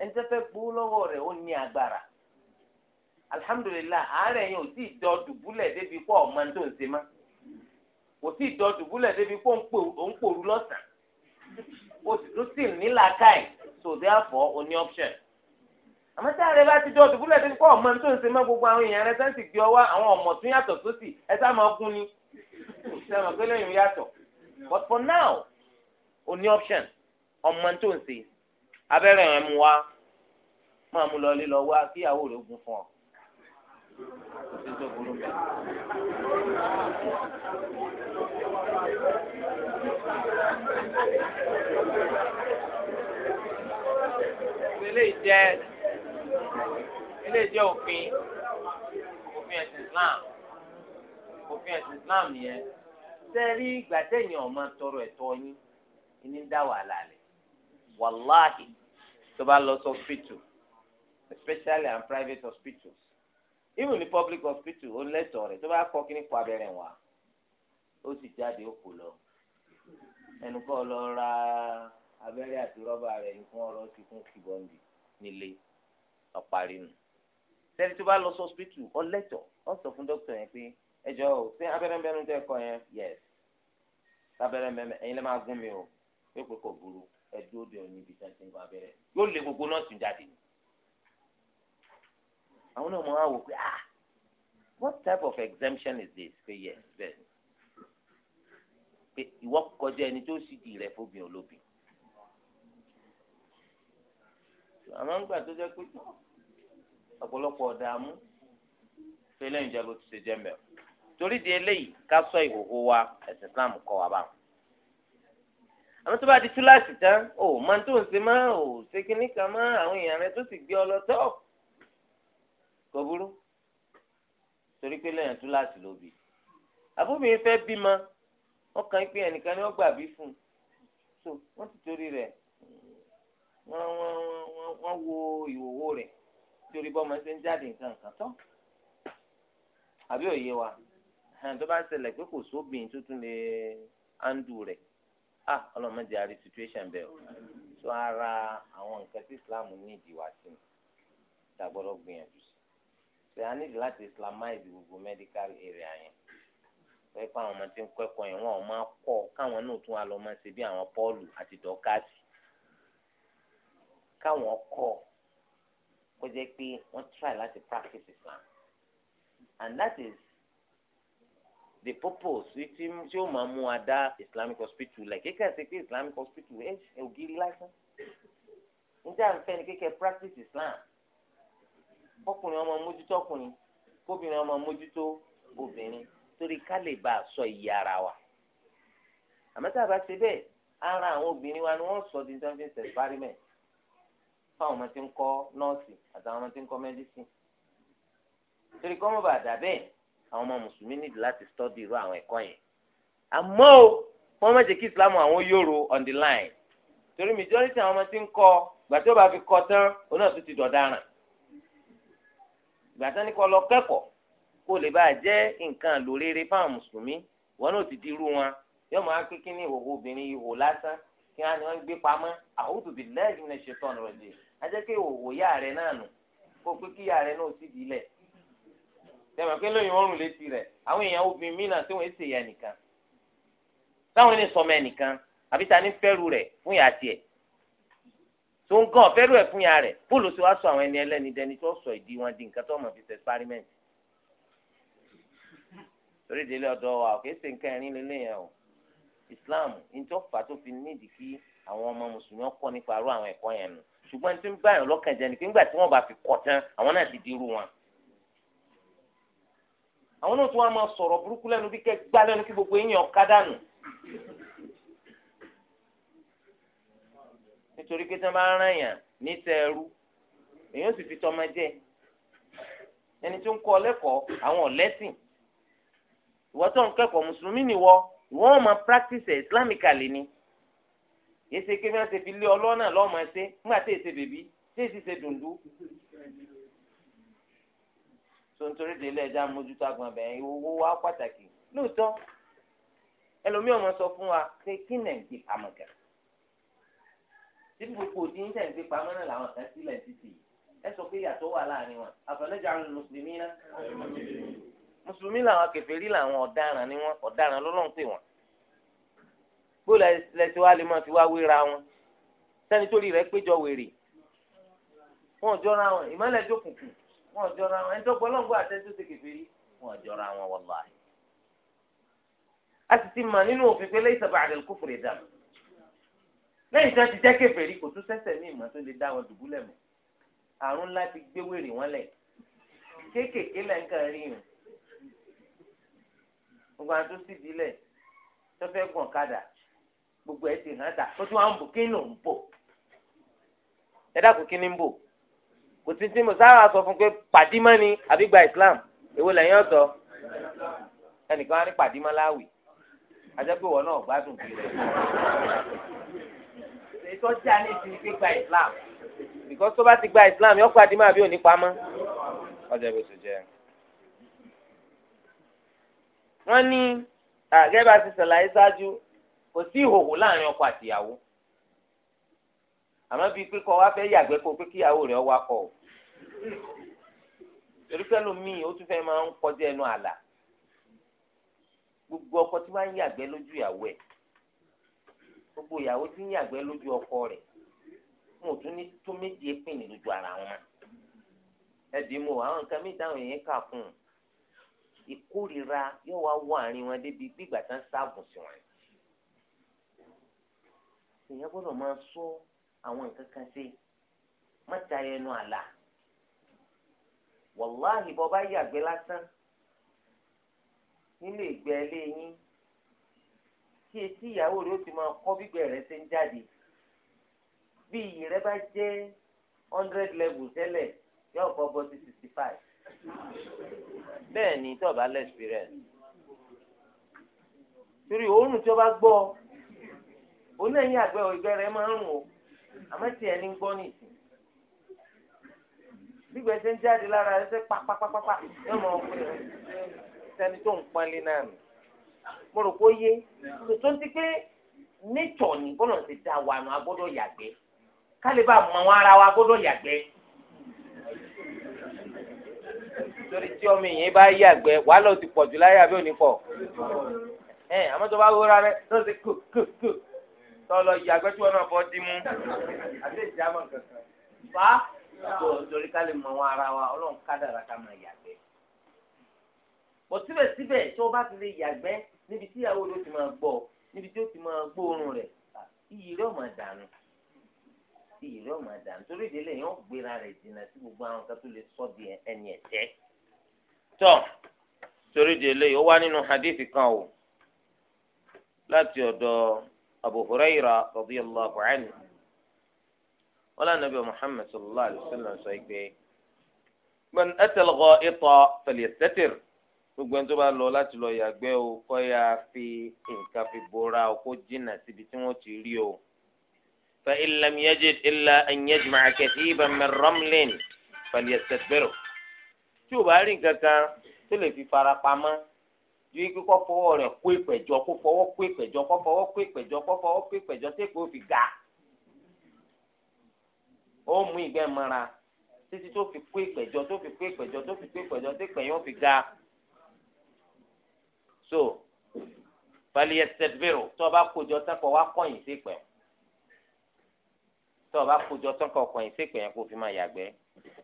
ẹni tẹ́ fẹ́ gbowó lọ́wọ́ rẹ̀ ó ní agbára alhamdulilayi àárẹ̀ yẹn ò tí ì dọ́ dùbúlẹ̀ débi pọ̀ ọ̀mọ́ tó ń ṣe máa kò sí ìjọ dùbúlẹ̀ débi pé òun pòru lọ́sàn-án o sì ní làákàyè so therefore o ní option àmọ́ tí ààrẹ bá ti jọ dùbúlẹ̀ débi pé ọmọ tó ń ṣe mọ́ gbogbo àwọn èèyàn rẹ sẹ́ǹsì gbé ọwọ́ àwọn ọmọ tún yàtọ̀ sósì ẹ sá máa gún ni ṣe mọ̀ pé lẹ́yìn yàtọ̀ but for now o ní option ọmọ tó ń ṣe abẹ́rẹ́ rẹ̀ mu wá máa mú lọ lílọ wá kí ìyàwó rẹ̀ gún fún ọ kò sí eléyìí jẹ́ eléyìí òfin òfin Islam òfin ẹ̀sìn Islam yẹn sẹ́rí ìgbà tẹ̀yìn ọmọ tọrọ ẹ̀tọ́ yín ìní dá wàhálà rẹ̀ wàláhì tó bá lọ sí hospital especially and private hospitals even ní public hospital ó lẹ́tọ̀ọ́ rẹ̀ tó bá kọ́ kí ní kó wọn. ó sì jáde ó kù lọ ẹnu kọ́ lọ ra abẹ́rẹ́ àti rọ́bà rẹ̀ ní ọ̀rọ̀ ti fún kìbọ́ǹdì nílé ọ̀parí nù sẹ́ni tó bá lọ sí hospital ọlẹ́tọ̀ ọ sọ fún dókítà yẹn pé ẹjọ́ o ṣé abẹ́rẹ́ mẹ́rin tẹ́ kọ yẹn yes abẹ́rẹ́ mẹ́rin ẹ̀yin lè máa gún mi o pé pé kò burú ẹdúró de òní ibi tẹ́ǹtì ń gba abẹ́rẹ́ yóò lé gbogbo nọ́ọ̀sì jáde àwọn náà mọ̀ wò pé ah what type of exemption is this pé yes bẹ́ẹ̀ ni pé ìwọ kọjá ẹni tó sì di rẹ fóbìn olóbìn àmọ́ ń gbà tó jẹ́ pé ọ̀pọ̀lọpọ̀ ọ̀dààmú fẹlẹ́ ìjà ló ti ṣe jẹ́ mẹ́rin torí di eléyìí ká sọ ìhòhò wa ẹ̀sìn Islam kọ́ wa báwọn àwọn tó bá di túláàsì tán ò máa tó ń ṣe máa ò ṣe kínní kan máa àwọn èèyàn rẹ tó sì gbé ọ lọ tọ́ kò burú torí pé lẹ́yìn túláàsì ló bì àbúrò mi fẹ́ bímọ wọ́n kàn pé ẹnìkan ni wọ́n gbà bí fún un so wọ́n ti torí rẹ̀ wọ́n wọ́n wọ́n wọ́n wo ìwòwò rẹ̀ torí bọ́ máa ń ṣe ń jáde nǹkan kan tán àbí òye wa tó bá ń ṣẹlẹ̀ pé kò sóbìn tó tún lè áńdù rẹ̀ ah ọlọ́mọdé àrí situation bẹ́ẹ̀ o tó ara àwọn nǹkan tí Islam ní ìdíwà sí ni tá a gbọ́dọ̀ gbìyànjú sí ṣe a nídìí láti Islamize gbogbo medical area yẹn pé pé àwọn ọmọ tí ń kọ́ ẹ̀kọ́ yẹn wọn ò máa kọ́ káwọn náà tún wá lọ máa ṣe bí àwọn pọ́ọ̀lù àti dọ́kásì káwọn kọ́ kó jẹ́ pé wọ́n try láti practice Islam and that is the purpose tí tí ó máa mú wa dá Islamic hospital lẹ̀ kékeré ṣe pé Islamic hospital ẹ̀ ògiri lásán níta ń ni kékeré practice Islam ọkùnrin ọmọ mójútó ọkùnrin kóbìnrin ọmọ mójútó obìnrin torí ká lè bá a sọ iye ara wa àmọ́ tá a bá ṣe bẹ́ẹ̀ ara àwọn obìnrin wa ni wọ́n sọ di seven experiment fáwọn ọmọ tí ń kọ́ nọ́ọ̀sì àtàwọn ọmọ tí ń kọ́ mẹ́dísìn torí kọ́ mọ́ bá dà bẹ́ẹ̀ àwọn ọmọ mùsùlùmí nídìí láti study irú àwọn ẹ̀kọ́ yẹn àmọ́ o wọ́n má jẹ́ kí islam àwọn yòrò on the line torí majority àwọn ọmọ tí ń kọ́ gbàtí ó bá fi kọ́ tán òun náà tún ti dọ̀daràn gbàtí wọ́n ní kọ́ lọ kẹ́kọ̀ọ́ kó lè bá jẹ́ nǹkan lórére fáwọn mùsùlùmí wọn náà ti di irú wọn yóò máa pé kí ní ìhòòhò obìnrin ìhòòhò lásán kí wọn ni wọn gbé pamọ́ a'udhu billahi minash shaitani rajim ajẹ́ kí ìhòòhò yá rẹ̀ náà nù kó pé kí yá rẹ̀ náà sì di ilẹ̀ tẹ̀mọ̀ pé lóyún ọrùn létí rẹ̀ àwọn èèyàn obìnrin mí náà tí wọ́n ṣe ìyá nìkan táwọn ènìyàn sọmọ ẹnìkan àbí ta ni fẹ́rù rẹ̀ fún ìyá tiẹ̀ tó ń gàn fẹ́rù ẹ̀ fún ìyá rẹ̀ bóòlù torí ìdílé ọ̀dọ̀ wa ò kéésì nǹkan ẹ̀rín lélẹ̀ islam ìjọba tó fi nídìí kí àwọn ọmọ mùsùlùmí ọkọ nípa arọ àwọn ẹ̀kọ́ yẹn nù ṣùgbọ́n tí ń bá yàn lọ́kàn jẹ́ ni pé ńgbà tí wọ́n bá fi tán àwọn náà ti di wọn. àwọn náà tún wá máa sọ̀rọ̀ burúkú lẹ́nu bí kẹ́ gbá lẹ́nu kí gbogbo èèyàn ká dànù. nítorí pé rán yàn ní tẹ́ẹ̀rú èèyàn fi tọmọ ẹni tó ń ìwọ tó ń kẹ́kọ̀ọ́ mùsùlùmí nìwọ ìwọ wọn máa practice islamically ni yìí ṣe kí wọn ṣe fi lé ọlọ́nà lọ́mọ ẹsẹ̀ nígbà tí èsè bèbí tí èsì ṣe dùndú. sontori délé ẹja mójútó agbọn bẹ́ẹ̀ owó wa pàtàkì lóòótọ́ ẹlòmíì ọmọ sọ fún wa pé kí nà ń gbé pamọ́ gà tí gbogbo òdì ń tẹ̀gbé pamọ́ náà làwọn kan sílẹ̀ títì ẹ sọ pé ìyàtọ̀ wà láàrin wọn àfẹnẹ́jà ń mùsùlùmí náà mùsùlùmí làwọn kèfèrí làwọn ọ̀daràn ni wọn ọ̀daràn lọ́lọ́run pè wọn bó lẹsẹ wa lè máa fi wá wéra wọn sẹni torí rẹ̀ péjọ wèrè wọn jọra wọn ìmọ́lẹ̀ tó kùkù wọn jọra wọn ẹni tó gbọ́ lọ́gbọ́ àtẹ́tí tó kèfèrí wọn jọra wọn wàláhì. a sì ti mọ̀ nínú òfin pé lẹ́yìn sábà àdàlù kófòrè dà lẹ́yìn tí wọ́n ti jẹ́ kèfèrí kò tún sẹ́sẹ̀ ní ìmọ̀ tó lè dá wọn dùbúlẹ̀ mọ́ àrùn ńlá ti gbé wèrè wọn lẹ̀ kéékèèké lẹ́ńkàn rí yìí gbogbo àti tó sì bílẹ̀ tó fẹ́ gbọ̀n kadà gbogbo ẹ̀ ti hàn dà tó tún à ń bò kí ni ò ń bò ẹ dákun kí ni ń bò kò tí tí mo sára sọ fún pé pàdímọ́ ni àbí gba Islam èwo lẹ́yìn ọ̀tọ̀ ẹnìkan á ní pàdímọ́ láwì àjẹpẹ́ ìwọ náà gbádùn kiri rẹ̀ ètò ọjà ní ti ní pé gba Islam because tó bá ti gba Islam yọ pàdímọ́ àbí òní pamọ́ ọjà ìbùsùn jẹ́ wọ́n ní àgẹ́bà ti sàlàyé ṣáájú kò sí ìhòòhò láàrin ọkọ àtìyàwó àmọ́ bíi pé kọ́ wá fẹ́ yàgbẹ́ kó pé kíyàwó rẹ̀ wá kọ́ ọ́ torí pẹ́lú míì ó tún fẹ́ máa ń kọjá ẹnu àlà gbogbo ọkọ tí wọ́n á ń yàgbẹ́ lójú ìyàwó ẹ̀ gbogbo ìyàwó tí ń yàgbẹ́ lójú ọkọ rẹ̀ wọn ò tún ní tó méje pín lójú ara wọn ẹ̀dínmọ̀ àwọn nǹkan míì táwọn èèyàn kà fún un ìkórìíra yóò wá wọ àárín wọn débi gbígbà tán sáàbùn sí wọn. èèyàn gbọ́dọ̀ máa sọ àwọn nǹkan kan sí mọ́ta ẹnu àlà wàláhì bọ́ bá yàgbẹ́ lásán nílé ìgbẹ́ ilé yín tí etí ìyàwó rẹ ó ti máa kọ́ gbígbẹ́ rẹ ṣe ń jáde bí iyì rẹ bá jẹ́ hundred level tẹ́lẹ̀ yóò kọ́ bọ́ sí sixty five. bẹ́ẹ̀ ni tó o bá lẹ́ experience torí òórùn tí o bá gbọ́ òun náà yín àgbẹ̀ ìgbẹ́ rẹ máa ń rùn o àmọ́ tí ẹni ń gbọ́ nìsín gbígbẹ́ ṣe ń jáde lára rẹ ṣe pàpàpàpà ẹ mọ̀ ọ́ pé sẹ́ni tó ń pọ́nlé náà nù mo rò pé ó yé tó ń ti pé nature ni bọ́lọ̀ ti dá wa nù agbọ́dọ̀ yàgbẹ́ ká lè bá mọ ara wa agbọ́dọ̀ yàgbẹ́. torí tí ọmọ yẹn bá yí àgbẹ̀ wàhálà ó ti pọ̀jù láyé àbí òní pọ̀ ẹ àmọ́ tó bá wúra rẹ tó ṣe kù kù kù tó lọ yí àgbẹ̀ tí wọn náà bọ́ dí mú àti ìjà mọ̀ kankan fa torí ká lè mọ àwọn ara wa ọlọ́run kádàrá ká máa yàgbẹ́ bó síbẹ̀síbẹ̀ tó o bá ti lè yàgbẹ́ níbi tí ìyàwó ló ti máa gbọ́ níbi tí ó ti máa gbóòórùn rẹ̀ iyì rẹ̀ ò máa dànù iyì rẹ̀ ò máa dànù torí ìdílé yẹn ó gbéra rẹ̀ jìnnà sí gbogbo àwọn kan tó lè sọ di ẹni ẹ̀tẹ́ tọ́ torí di eléyìí ó wá nínú hadith kan o láti ọ̀dọ̀ Abu Hurayra radiyallahu anhu wọ́n lánàá Nabi Muhammad sallallahu alayhi wa sallam sọ pé man atal gha'ita falyastatir gbogbo ẹni tó bá lọ láti lọ yàgbẹ́ o kọ́ ya fi nǹkan fi bora o kó jìnnà síbi tí wọ́n ti rí o. fa in yajid illa an yajma'a kathiban min ramlin falyastadbiru tí ò bá rí nǹkan kan tó lè fi fara pamọ́ ju ikú kọ́ fọwọ́ rẹ̀ kó ìpẹ̀jọ kó fọwọ́ kó ìpẹ̀jọ kó fọwọ́ kó ìpẹ̀jọ kó fọwọ́ kó ìpẹ̀jọ tí èkó fi ga ó mú ìgbẹ́ mọ́ra títí tó fi kó ìpẹ̀jọ tó fi kó ìpẹ̀jọ tó fi kó ìpẹ̀jọ tí ìpẹ̀yìn ó fi ga so balẹ̀ ẹsẹ̀ bẹ̀rù tó o bá kó jọ sẹ́kọ̀ọ́ wá kọ́yìn sí ìpẹ̀wọ̀ tó o bá kojọ tán kọ kọyìn sí pé yẹn kó fi máa yàgbẹ́.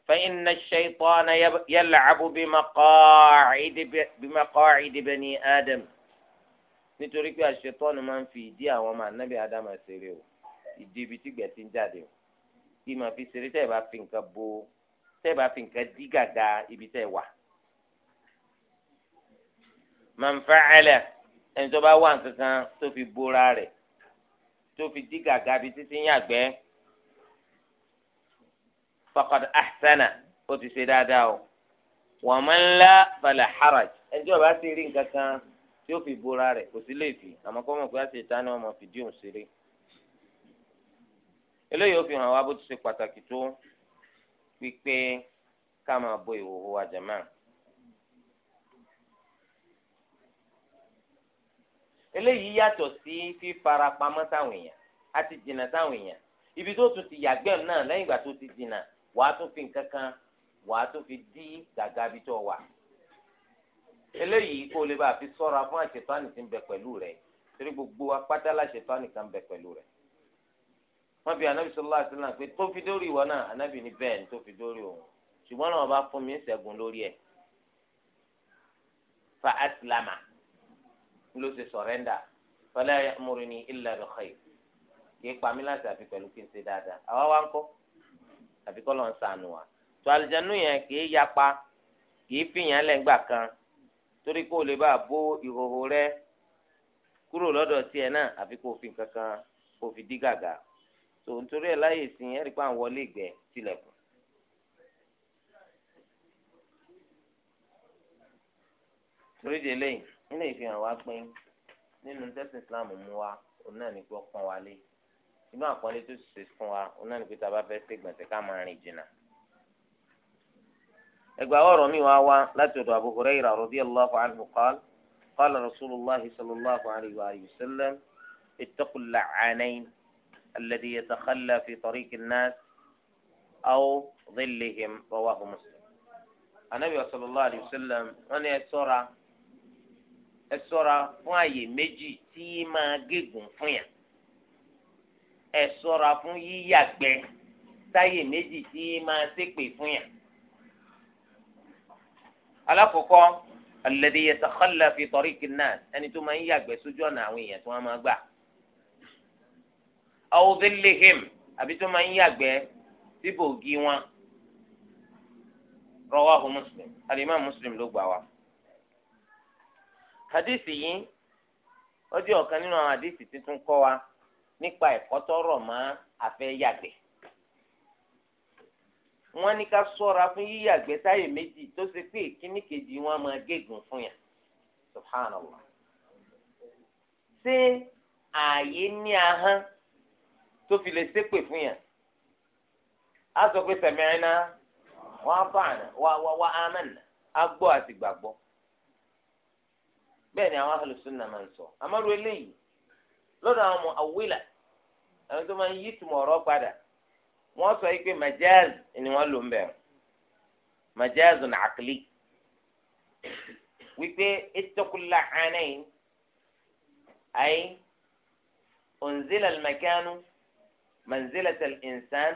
fa inna ash-shaytana yal'abu bi maqa'idi bani adam nítorí pé aṣetọ́ni máa ń fi ìdí àwọn ọmọ anábì adam ṣeré o ìdí ibi tí gbẹ̀ ti ń jáde o kí máa fi ṣeré tẹ́ ẹ bá fi nǹkan bo tẹ́ ẹ bá fi nǹkan dí gàgà ibi tẹ́ ẹ wà. man fa'ala ẹni tó bá wà nǹkan kan tó fi bóra rẹ̀ tó fi dí gàgà ibi títí ń yàgbẹ́ faqad ahsana ó ti ṣe dáadáa o wa man la fala haraj ẹjọ́ bá ti rí nǹkan kan tí ó fi bóra rẹ̀ kò sí lè fi àmọ́ kọ́ mọ̀ pé àti ìta ni wọ́n mọ̀ fìdí òun ṣeré eléyìí ó fi hàn wá bó ti ṣe pàtàkì tó pípé ká máa bo ìhòòhò wa eléyìí yàtọ̀ sí fífara sáwọn èèyàn àti jìnnà sáwọn èèyàn ibi tó tún ti yàgbẹ́ náà lẹ́yìn ìgbà tó ti jìnnà wàá tún fi nǹkan kan wàá tún fi dí gàgà bí tó wà eléyìí kó o lè bá a fi sọ́ra fún àṣetánì tí ń bẹ pẹ̀lú rẹ̀ torí gbogbo apátá láṣetánì kan bẹ pẹ̀lú rẹ̀ wọ́n bi anabi sọlá àti náà pé tó fi dórí ìwọ náà anabi ní bẹ́ẹ̀ ni tó fi dórí òun ṣùgbọ́n náà wọ́n bá fún mi ń ṣẹ́gun lórí ẹ̀ fa asilama ló ṣe sọ̀rẹ́ndà fala ya'muruni illa bi khair kì í pa mí láti àfi pẹ̀lú kí n ṣe dáadáa àwa wá ń kọ́ àfi kọ́ lọ́n sànù wa tó alìjánu yẹn kìí yapa kìí fìyàn lẹ́ngbà kan torí kó o lè bá a bó ìhòhò rẹ kúrò lọ́dọ̀ tiẹ̀ náà àfi kó o fi kankan kó o fi dí gàgà tó nítorí ẹ̀ láyè sìn ẹ̀rí pa àwọn wọlé ìgbẹ́ tilẹ̀kùn. torí de lẹ́yìn nílẹ̀ ìfihàn wa pín nínú tẹ́sán Islam mú wa òun náà ní kí wọ́n pọ́n wa lé inú àpọ́nlé tó ṣe fún wa ọ̀nà ní pété a bá fẹ́ ṣe gbọ̀nsẹ̀ ká máa rìn jìnnà. ẹgbà ọ̀rọ̀ mi wá wá láti ọ̀dọ̀ Abu Hurayra radiyallahu anhu qala qala rasulullahi sallallahu alayhi wa sallam ittaqu al-la'anayn alladhi fi tariq an-nas aw dhillihim rawahu muslim. anabi sallallahu alayhi wa sallam wọ́n ní ẹ ṣọ́ra fún àyè méjì tí máa gégùn fún yàn ẹ ṣọ́ra fún yíyàgbẹ́ táyè méjì tí máa ṣépè fún yàn. alákòókò alladhi yatakhalla fi tariqi an-nas ẹni tó máa ń yàgbẹ́ sójú ọ̀nà àwọn èèyàn tí wọ́n máa gbà. aw dhillihim àbí tó máa ń yàgbẹ́ síbò gí wọn. rawahu Muslim al-Imam ló gbà wá. hadisi yìí ó jẹ́ ọ̀kan nínú àwọn hadisi tuntun kọ́ wa. nípa ẹ̀kọ́ tọrọ mọ́ afẹ́ yàgbẹ́ wọ́n ní ká ṣọ́ra fún yíyàgbẹ́ táyè méjì tó ṣe pé kíní kejì wọn máa gégùn fún yàn subhanallah ṣé ààyè ní ahọ́n tó fi lè ṣépè fún yàn á sọ pé sami'na wa wa wa wa amanna á gbọ́ àti gbàgbọ́ bẹ́ẹ̀ ni àwọn ahlus sunnah máa ń sọ àmọ́ ru eléyìí lọ́dọ̀ àwọn mu'awwila àwọn tó máa ń yí ìtumọ̀ ọ̀rọ̀ padà wọ́n sọ yìí pé majaz ni wọ́n lò ń bẹ̀rù majaz ní àkìlì wípé ittaqulla anayin ay unzila almakanu manzilata al-insan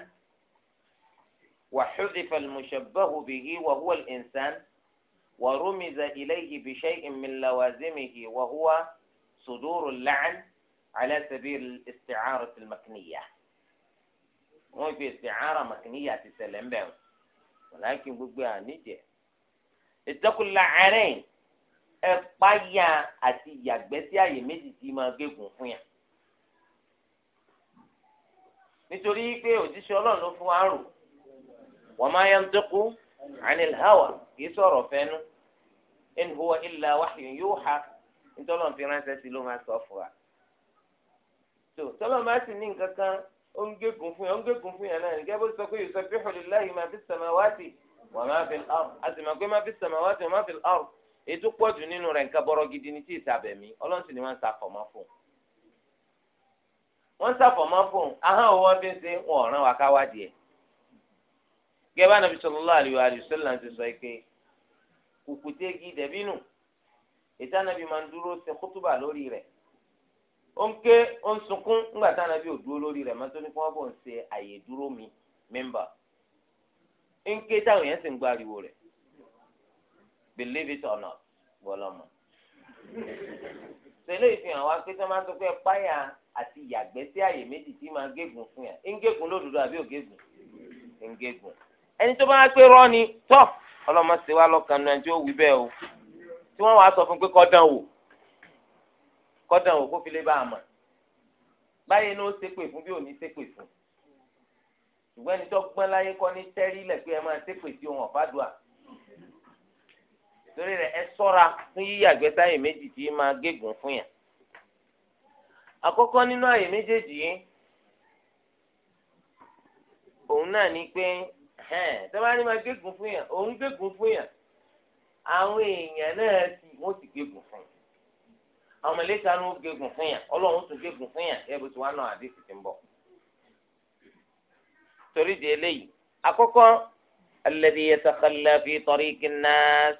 wa hudifa al-mushabbahu bihi wa huwa al-insan wa rumiza ilayhi bi على سبيل الاستعارة المكنية wọ́n في استعارة مكنية àti sẹ̀lẹ̀ ń bẹ̀ wọ́n láàkì gbogbo àníjẹ́ ìtọ́kùnlá àárẹ̀ ẹ páyà àti ìyàgbẹ́ sí àyè méjì tí máa gégùn fún yà nítorí pé òjíṣẹ́ ọlọ́run ló fún wa rò wọ́n máa yan dẹ́kun anil hawa kì í sọ̀rọ̀ fẹ́nu in huwa illa wahyun yuha nítorí wọn fi ránṣẹ́ sí ló máa sọ fún wa tó tọ́lọ́ máa sì ní nǹkan kan ó ń gégùn fún yẹn ó ń gégùn fún yẹn náà nìkẹ́ bó sọ pé yusabbihu lillahi ma fi samawati wa ma fi al-ard àti màgbé ma fi samawati wa ma fi al-ard ètò pọ̀jù nínú rẹ̀ nǹkan bọ́rọ̀ gidi ní tí ì sàbẹ̀mí ọlọ́run sì ni wọ́n ń sàfọ̀mọ́ fún un wọ́n ń sàfọ̀mọ́ fún un ahọ́n òun wọ́n fi ń ṣe wọn ọ̀ràn wa káwádìí ẹ̀ gẹ́gẹ́ bá nàbí sallallahu alaihi ó ń ké ó ń sunkún ńgbà tá ànábì ò dúró lórí rẹ̀ mọ́tò ní kí wọ́n bọ̀ ń ṣe àyè dúró mi mẹ́mbà ń ké táwọn yẹn sì ń gba ariwo rẹ̀ believe it or not bọ́lọ́mọ. sẹ́lẹ̀ ìfihàn wa pé sọ́mà sọ pé páyà àti yàgbẹ́ sí àyè méjì tí máa gégùn fún yà ń gégùn lódodo àbí ògégùn ń gégùn. ẹni tó bá wá pé rọ́ọ̀ni tọ́ ọlọ́mọ ṣe wá lọ́kàn náà tí ó wí bẹ́ẹ̀ o tí wọ́n wá sọ fún pé kọ́ dán wò. kọ́dà wò kó fi lè bá a mọ̀ báyìí ni ó ṣépè fún bí òní ṣépè fún ṣùgbọ́n ẹni tó gbọ́n láyé kọ́ ní tẹ́rí lẹ̀ pé ẹ máa ṣépè sí ohun ọ̀fàdùà torí rẹ̀ ẹ sọ́ra fún yíyàgbẹ́ sáyè méjì tí máa gégùn fún yàn àkọ́kọ́ nínú àyè méjèèjì yìí òun náà ni pé tẹ́wárí máa gégùn fún yàn òun gégùn fún yàn àwọn èèyàn náà sì wọ́n sì gégùn fún yàn àwọn mẹlẹ́ka ló gégùn fún yàn ọlọ́run tún gégùn fún yàn ẹ bó ti wá náà àdìsí ti ń bọ̀. torí di eléyìí àkọ́kọ́ alladhi yatakhalla fi tariqin nas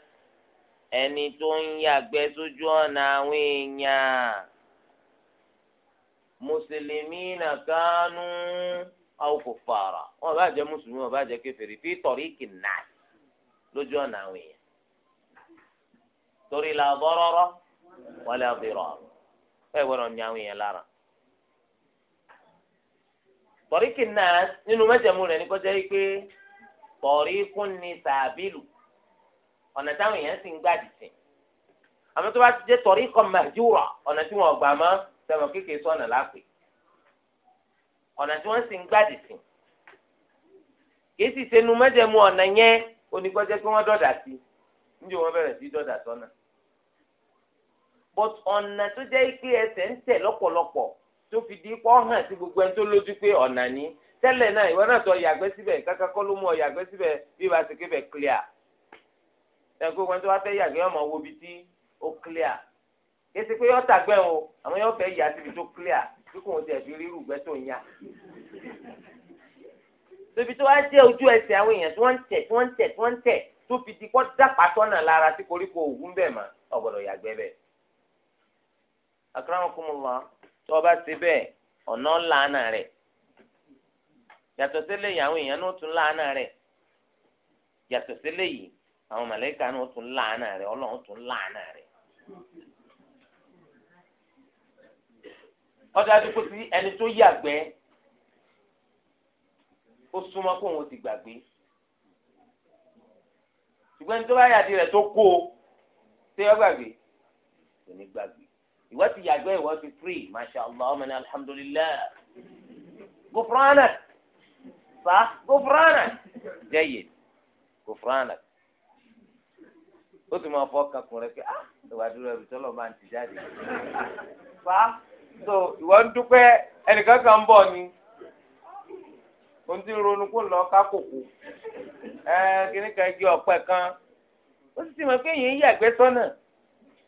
ẹni tó ń yàgbẹ́ sójú ọ̀nà àwọn èèyàn muslimina kanu aw kuffara wọn bá jẹ́ mùsùlùmí wọn bá jẹ́ kèfèrí fi tariqin nas lójú ọ̀nà àwọn èèyàn torí la wọlé abirọ ẹ gbọ́dọ̀ ní àwọn èèyàn lára tọríkì náà nínú mẹjẹmú rẹ ní kọjá yìí pé tọríkùn ní sàbílù ọ̀nà táwọn èèyàn sì ń gbà dì sí àmọ́ tó bá ti jẹ́ tọríkọ màjúrà ọ̀nà tí wọ́n gbà mọ́ sẹ́wọ̀n kékeré sọ̀nà lápè ọ̀nà tí wọ́n sì ń gbà dì kìí sì sẹ́nu mẹjẹmú ọ̀nà yẹn onígbọ́jẹ́ pé wọ́n dọ̀dà sí níjẹ́ wọ́n bẹ̀rẹ̀ sí dọ̀dà sọ́nà. but ọ̀nà tó jẹ́ ike ẹsẹ̀ ń tẹ̀ lọ́pọ̀lọpọ̀ tó fi di pọ́ hàn sí gbogbo ẹni tó lójú ni tẹ́lẹ̀ náà ìwọ náà sọ yàgbẹ́ síbẹ̀ kọ́ ló mú ọ yàgbẹ́ síbẹ̀ bí ba ṣe kébẹ̀ clear ẹ̀kọ́ gbogbo tó wá fẹ́ yàgbẹ́ ọmọ wo bi tí ó clear pé o àwọn yọ fẹ́ yà síbi tó clear bí kò wọ́n ti ẹ̀fí rírù gbẹ́ tó ń yà tó wá jẹ́ ojú ẹsẹ̀ àwọn èèyàn tí wọ́n ń tẹ̀ tí wọ́n ń tẹ̀ tí wọ́n ń tẹ̀ tó fi di kọ́ akramakumullah tí wọ́n bá ṣe bẹ́ẹ̀ ọ̀nà ńláàánà rẹ̀ yàtọ̀ sílẹ̀ yìí àwọn èèyàn náà tún láàánà rẹ̀ yàtọ̀ sílẹ̀ yìí àwọn màlẹ́kà náà tún láàánà rẹ̀ ọlọ́run tún láàánà rẹ̀. ọ̀dọ̀ àdúgbò sí ẹni tó yàgbẹ́ ó súnmọ́ kó òun ti gbàgbé ṣùgbọ́n ẹni tó bá rẹ̀ tó o ṣé kò ìwọ ti yàgbẹ́ ìwọ ti free masha allah ọmọ ní alhamdulillah gufrana sa gufrana jẹyẹ gufrana ó ti máa fọ kakùn rẹ pé ah ìwà dúró ẹbí tọ́lọ̀ máa ń ti jáde sa so ìwọ ń dúpẹ́ ẹnìkan kan ń bọ̀ ni ohun tí ronú kó lọ kákòkò ẹ kíníkan igi ọ̀pẹ kan ó sì ti mọ̀ pé èyí ń yàgbẹ́ sọ́nà.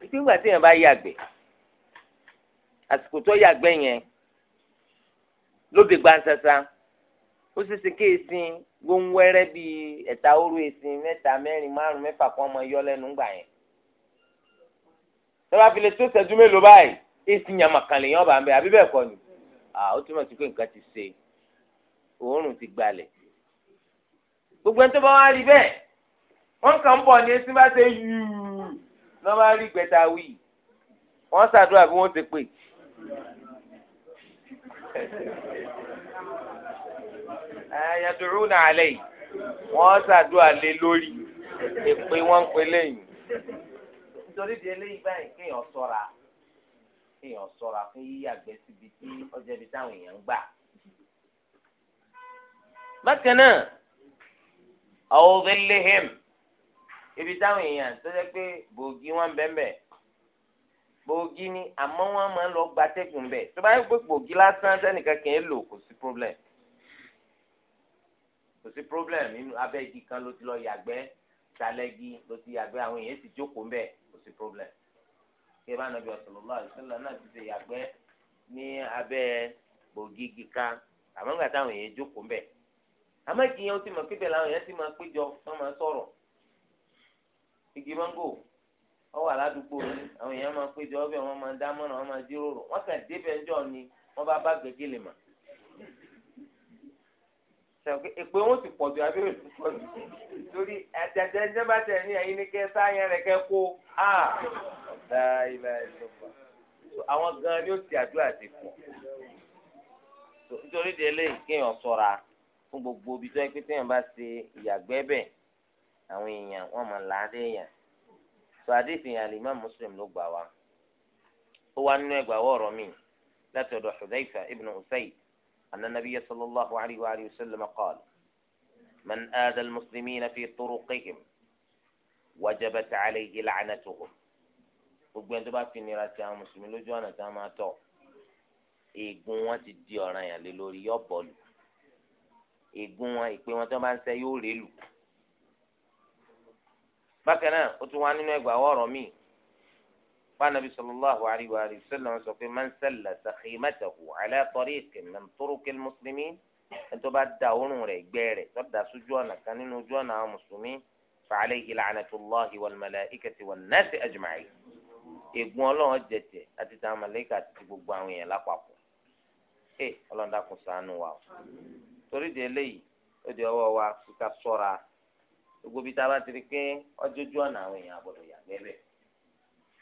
pípé ńgbà téèyàn bá yàgbẹ́ àsìkò tó yàgbẹ́ yẹn lóde gbansasa ó ṣeéṣe kí esin gbóńwẹ́rẹ́ bíi ẹ̀ta oró esin mẹ́ta mẹ́rin márùn mẹ́fà kan ọmọ yọ lẹ́nu gbà yẹn tọ́ba fi lè tó ṣẹ́jú mélòó báyìí esin yàmàkàn lèèyàn bá ń bẹ àbí bẹ́ẹ̀ kọ́ ni ó túmọ̀ sí pé nǹkan ti ṣe òórùn ti gbalẹ̀ gbogbo ẹni tó bá wá rí bẹ́ẹ̀ wọ́n kàn ń bọ̀ ní esin bá ṣe yúú wọ́n bá rí gbẹ̀ta wí wọ́n ṣàdúrà bí wọ́n ti pè. yàtúrú nà alẹ́ yìí wọ́n ṣàdúrà lé lórí èpè wọ́n ń pè lẹ́yìn. nítorí di eléyìí báyìí kéèyàn ṣọ́ra kéèyàn ṣọ́ra fún yíyàgbẹ́ síbi tí ọjọ́ ibi táwọn èèyàn ń gbà. bákan náà ọ̀hún fẹ́ lé hẹ́mù ibi táwọn èèyàn tó jẹ́ pé bòógì wọn bẹ́ẹ̀ bòógì ni àmọ́ wọn máa ń lọ gbatẹ́gùn bẹ́ẹ̀ tó bá yẹ pé bòógì lásán sẹ́nìkan kì í lò kò sí problem kò sí problem nínú abẹ́gi kan ló ti lọ yàgbẹ́ sálẹ́gi ló ti yàgbẹ́ àwọn èèyàn sì jókòó ń kò sí problem. kí ẹ bá nàbí sallallahu alaihi wasallam náà ti ṣe yàgbẹ́ ní abẹ́ bògì kíkan àmọ́ nígbà táwọn èèyàn jókòó ń bẹ̀. àmọ́ ìkìyàn ó ti mọ̀ igi mango ọwọ́ aládùúgbò ni àwọn èèyàn máa péjọ ọbẹ̀ wọn máa dámọ̀ràn wọn máa jíròrò wọn kàn débẹ̀ ńjọ ni wọn bá bá gbẹ̀gẹ́ lè mà. èpè wọn ti pọ̀jù abẹ́rẹ́ ti pọ̀jù torí àjàjẹ́ ẹjẹ́ bá tẹ̀ ní ẹ̀yin ní kẹ́ sáyẹn rẹ̀ kẹ́ kó a àwọn gan ni ó ti àdúrà ti pọ̀ nítorí délé kéèyàn ṣọ́ra fún gbogbo ibi tó yẹ pé téèyàn bá ṣe ìyàgbẹ́ bẹ́ẹ̀ àwọn èèyàn wọn mọ̀ láàdé èèyàn tó àdéhùn yẹn àlè imáàmù Muslim ló gbà wá ó wá nínú ẹgbàá wọ̀ọ̀rọ̀ mi láti ọ̀dọ̀ Hudhayfa ibn Usayd anna nabiyya sallallahu alayhi wa alihi wa sallam qaal man aada al-muslimina fi turuqihim wajabat alayhi la'natuhum gbogbo ẹni tó bá fi nira ti àwọn mùsùlùmí lójú ọ̀nà tí wọ́n máa tọ̀ ègún wọn ti di ọ̀ràn yàn lórí yọ bọ́ọ̀lù ègún wọn ìpè wọn tó bá ń ṣe yóò rèé lù bákan náà ó tún wá nínú ẹgbàá ọ̀rọ̀ míì fanabi sallallahu alayhi wa sallam sọ pé man salla sakhimatahu ala tariqin min turuqil muslimin ẹtọ́ bá da òórùn rẹ̀ gbẹ́ rẹ̀ tó da sójú ọ̀nà kan nínú ojú ọ̀nà àwọn mùsùlùmí fa alayhi la'natullahi wal malaikati wan nasi ajma'in ègún ọlọ́run jẹ̀jẹ̀ àti tàwọn màláíkà àti gbogbo àwọn èèyàn lápapọ̀ ẹ ọlọ́run dákun ṣàánú wa torí de eléyìí ó di ọwọ́ wa kíkà sọ́ra gbogbo ibi tá a bá ti rí pé ọjọ́jú ọ̀nà àwọn èèyàn àgbọ̀dọ̀ yà gbẹ́bẹ̀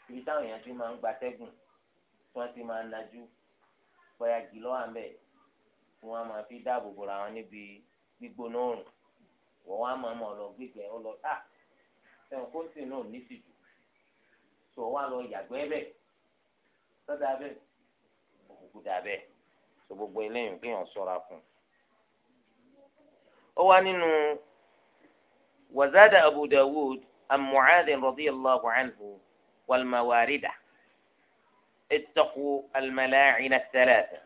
ibi táwọn èèyàn ti máa ń gbatẹ́gùn tí wọ́n ti máa ń lajú bóyá gìlọ́ wà mẹ́ẹ̀ tí wọ́n máa fi dáàbò bòra wọn níbi gbígbóná òrùn wọ́n wá máa mọ̀ lọ gbígbẹ́ ọ lọ tá ẹ̀wọ̀n kó sì náà níṣì jù tó wá lọ yàgbẹ́ bẹ̀ sọ́dà bẹ́ẹ̀ òkùnkùn dà bẹ́ẹ̀ tó gbogbo eléyìí kéèyàn ṣọ́ra fún un. ó wá nínú وزاد أبو داود عن معاذ رضي الله عنه والمواردة اتقوا الملاعن الثلاثة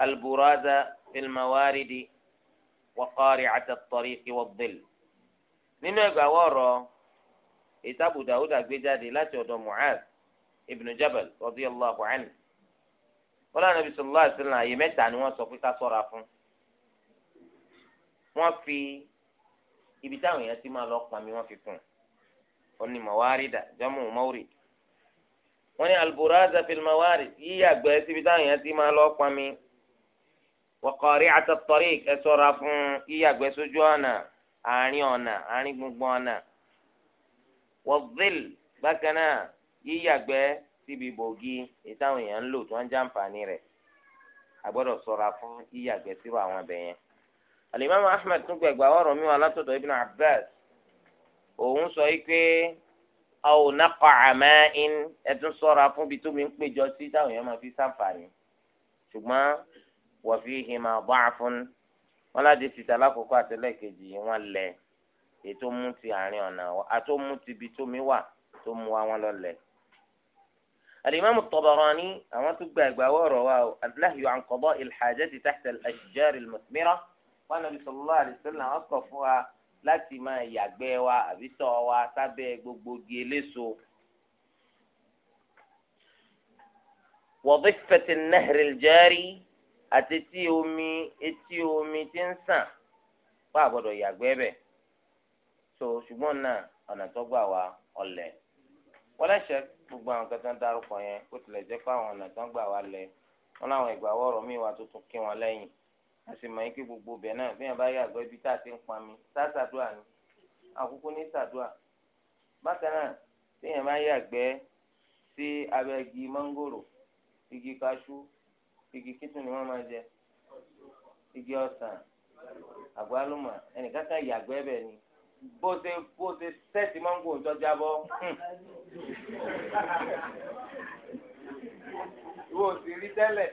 البراز في الموارد وقارعة الطريق والظل nínú ẹgbà wọ̀rọ̀ ètò Abu Dawud gbé jáde láti ọ̀dọ̀ Mu'adh ibn Jabal radiyallahu anhu wọn lànà Nabi sallallahu alaihi wasallam àyè mẹ́ta ni wọ́n sọ pé ká ṣọ́ra fún wọ́n fi ibi táwọn èèyàn ti máa lọ pàmì wọn fi kún un ó ní mọ̀wárìdà jọ́mù mọ́wùrì wọ́n ní alburaza fil mọ̀wárì yíyàgbẹ́ síbi táwọn èèyàn ti máa lọ pàmì wọ́kọ̀rí àtọ̀tọ̀rí ẹ ṣọ́ra fún yíyàgbẹ́ sójú ọ̀nà àárín ọ̀nà àárín gbùngbùn ọ̀nà wọ́dìl bákan náà yíyàgbẹ́ síbi bògì èyí táwọn èèyàn ń lò tí wọ́n ń jàǹfààní rẹ̀ a ṣọ́ra fún yíyàgbẹ́ síbi àwọn abẹ yẹn alimami ahmed tún gbẹgbẹ ọ̀rọ̀ mi wà látọ̀dọ̀ ibn abbas òun sọ yìí pé àwọn nakọ àmàin ẹtún ṣọ́ra fún ibi tó mi ń péjọ sí táwọn èèyàn máa fi ṣàǹfààní ṣùgbọ́n wọ́n fi hìmà bọ́ àfún wọn láti fìtà lákòókò àtẹlẹ́kejì wọn lẹ ètò mú ti àárín ọ̀nà àtó mú ti ibi tó mi wà tó mu wa wọn lọ lẹ. alimami Tabarani àwọn tún gbẹgbẹ ọ̀rọ̀ wa o adláhi ànkọ́bọ́ ilhajati tahta al Ànábì sallallahu alaihi wasallam wọ́n kọ̀ fún wa láti máa yàgbẹ́ wa àbí tọ̀ wa sábẹ́ gbogbo igi eléso. wa dhifati an-nahri al-jari àti etí omi etí omi ti ń sàn fún àgbọ̀dọ̀ yàgbẹ́ bẹ̀. so ṣùgbọ́n náà ọ̀nà tó gbà wá ọ̀lẹ̀. wọ́n lẹ́sẹ̀ gbogbo àwọn kan ń dárúkọ yẹn kó tilẹ̀ jẹ́ pé àwọn ọ̀nà tó ń gbà wá lẹ̀ wọ́n láwọn ìgbà wọ́ọ̀rọ̀ míì wá tuntun kí wọn lẹ́yìn a sì mọ̀ ike gbogbo bẹ̀ náà bí wọn bá yàgbọ́ ibi tá a ti ń pọn mi tá a ṣàdúrà ni àkókò ní ṣàdúrà bákan náà bí wọn bá yàgbẹ́ sí abẹ́gi mọ́ngòrò igi kaṣú igi kíntùn ni wọ́n máa jẹ igi ọsàn àgbálùmọ̀ ẹnìkan kan yàgbẹ́ bẹ̀ ni bó ṣe bó ṣe sẹ́ẹ̀tì mọ́ngò ń tọ́jà bọ́ ìwọ ò sì rí tẹ́lẹ̀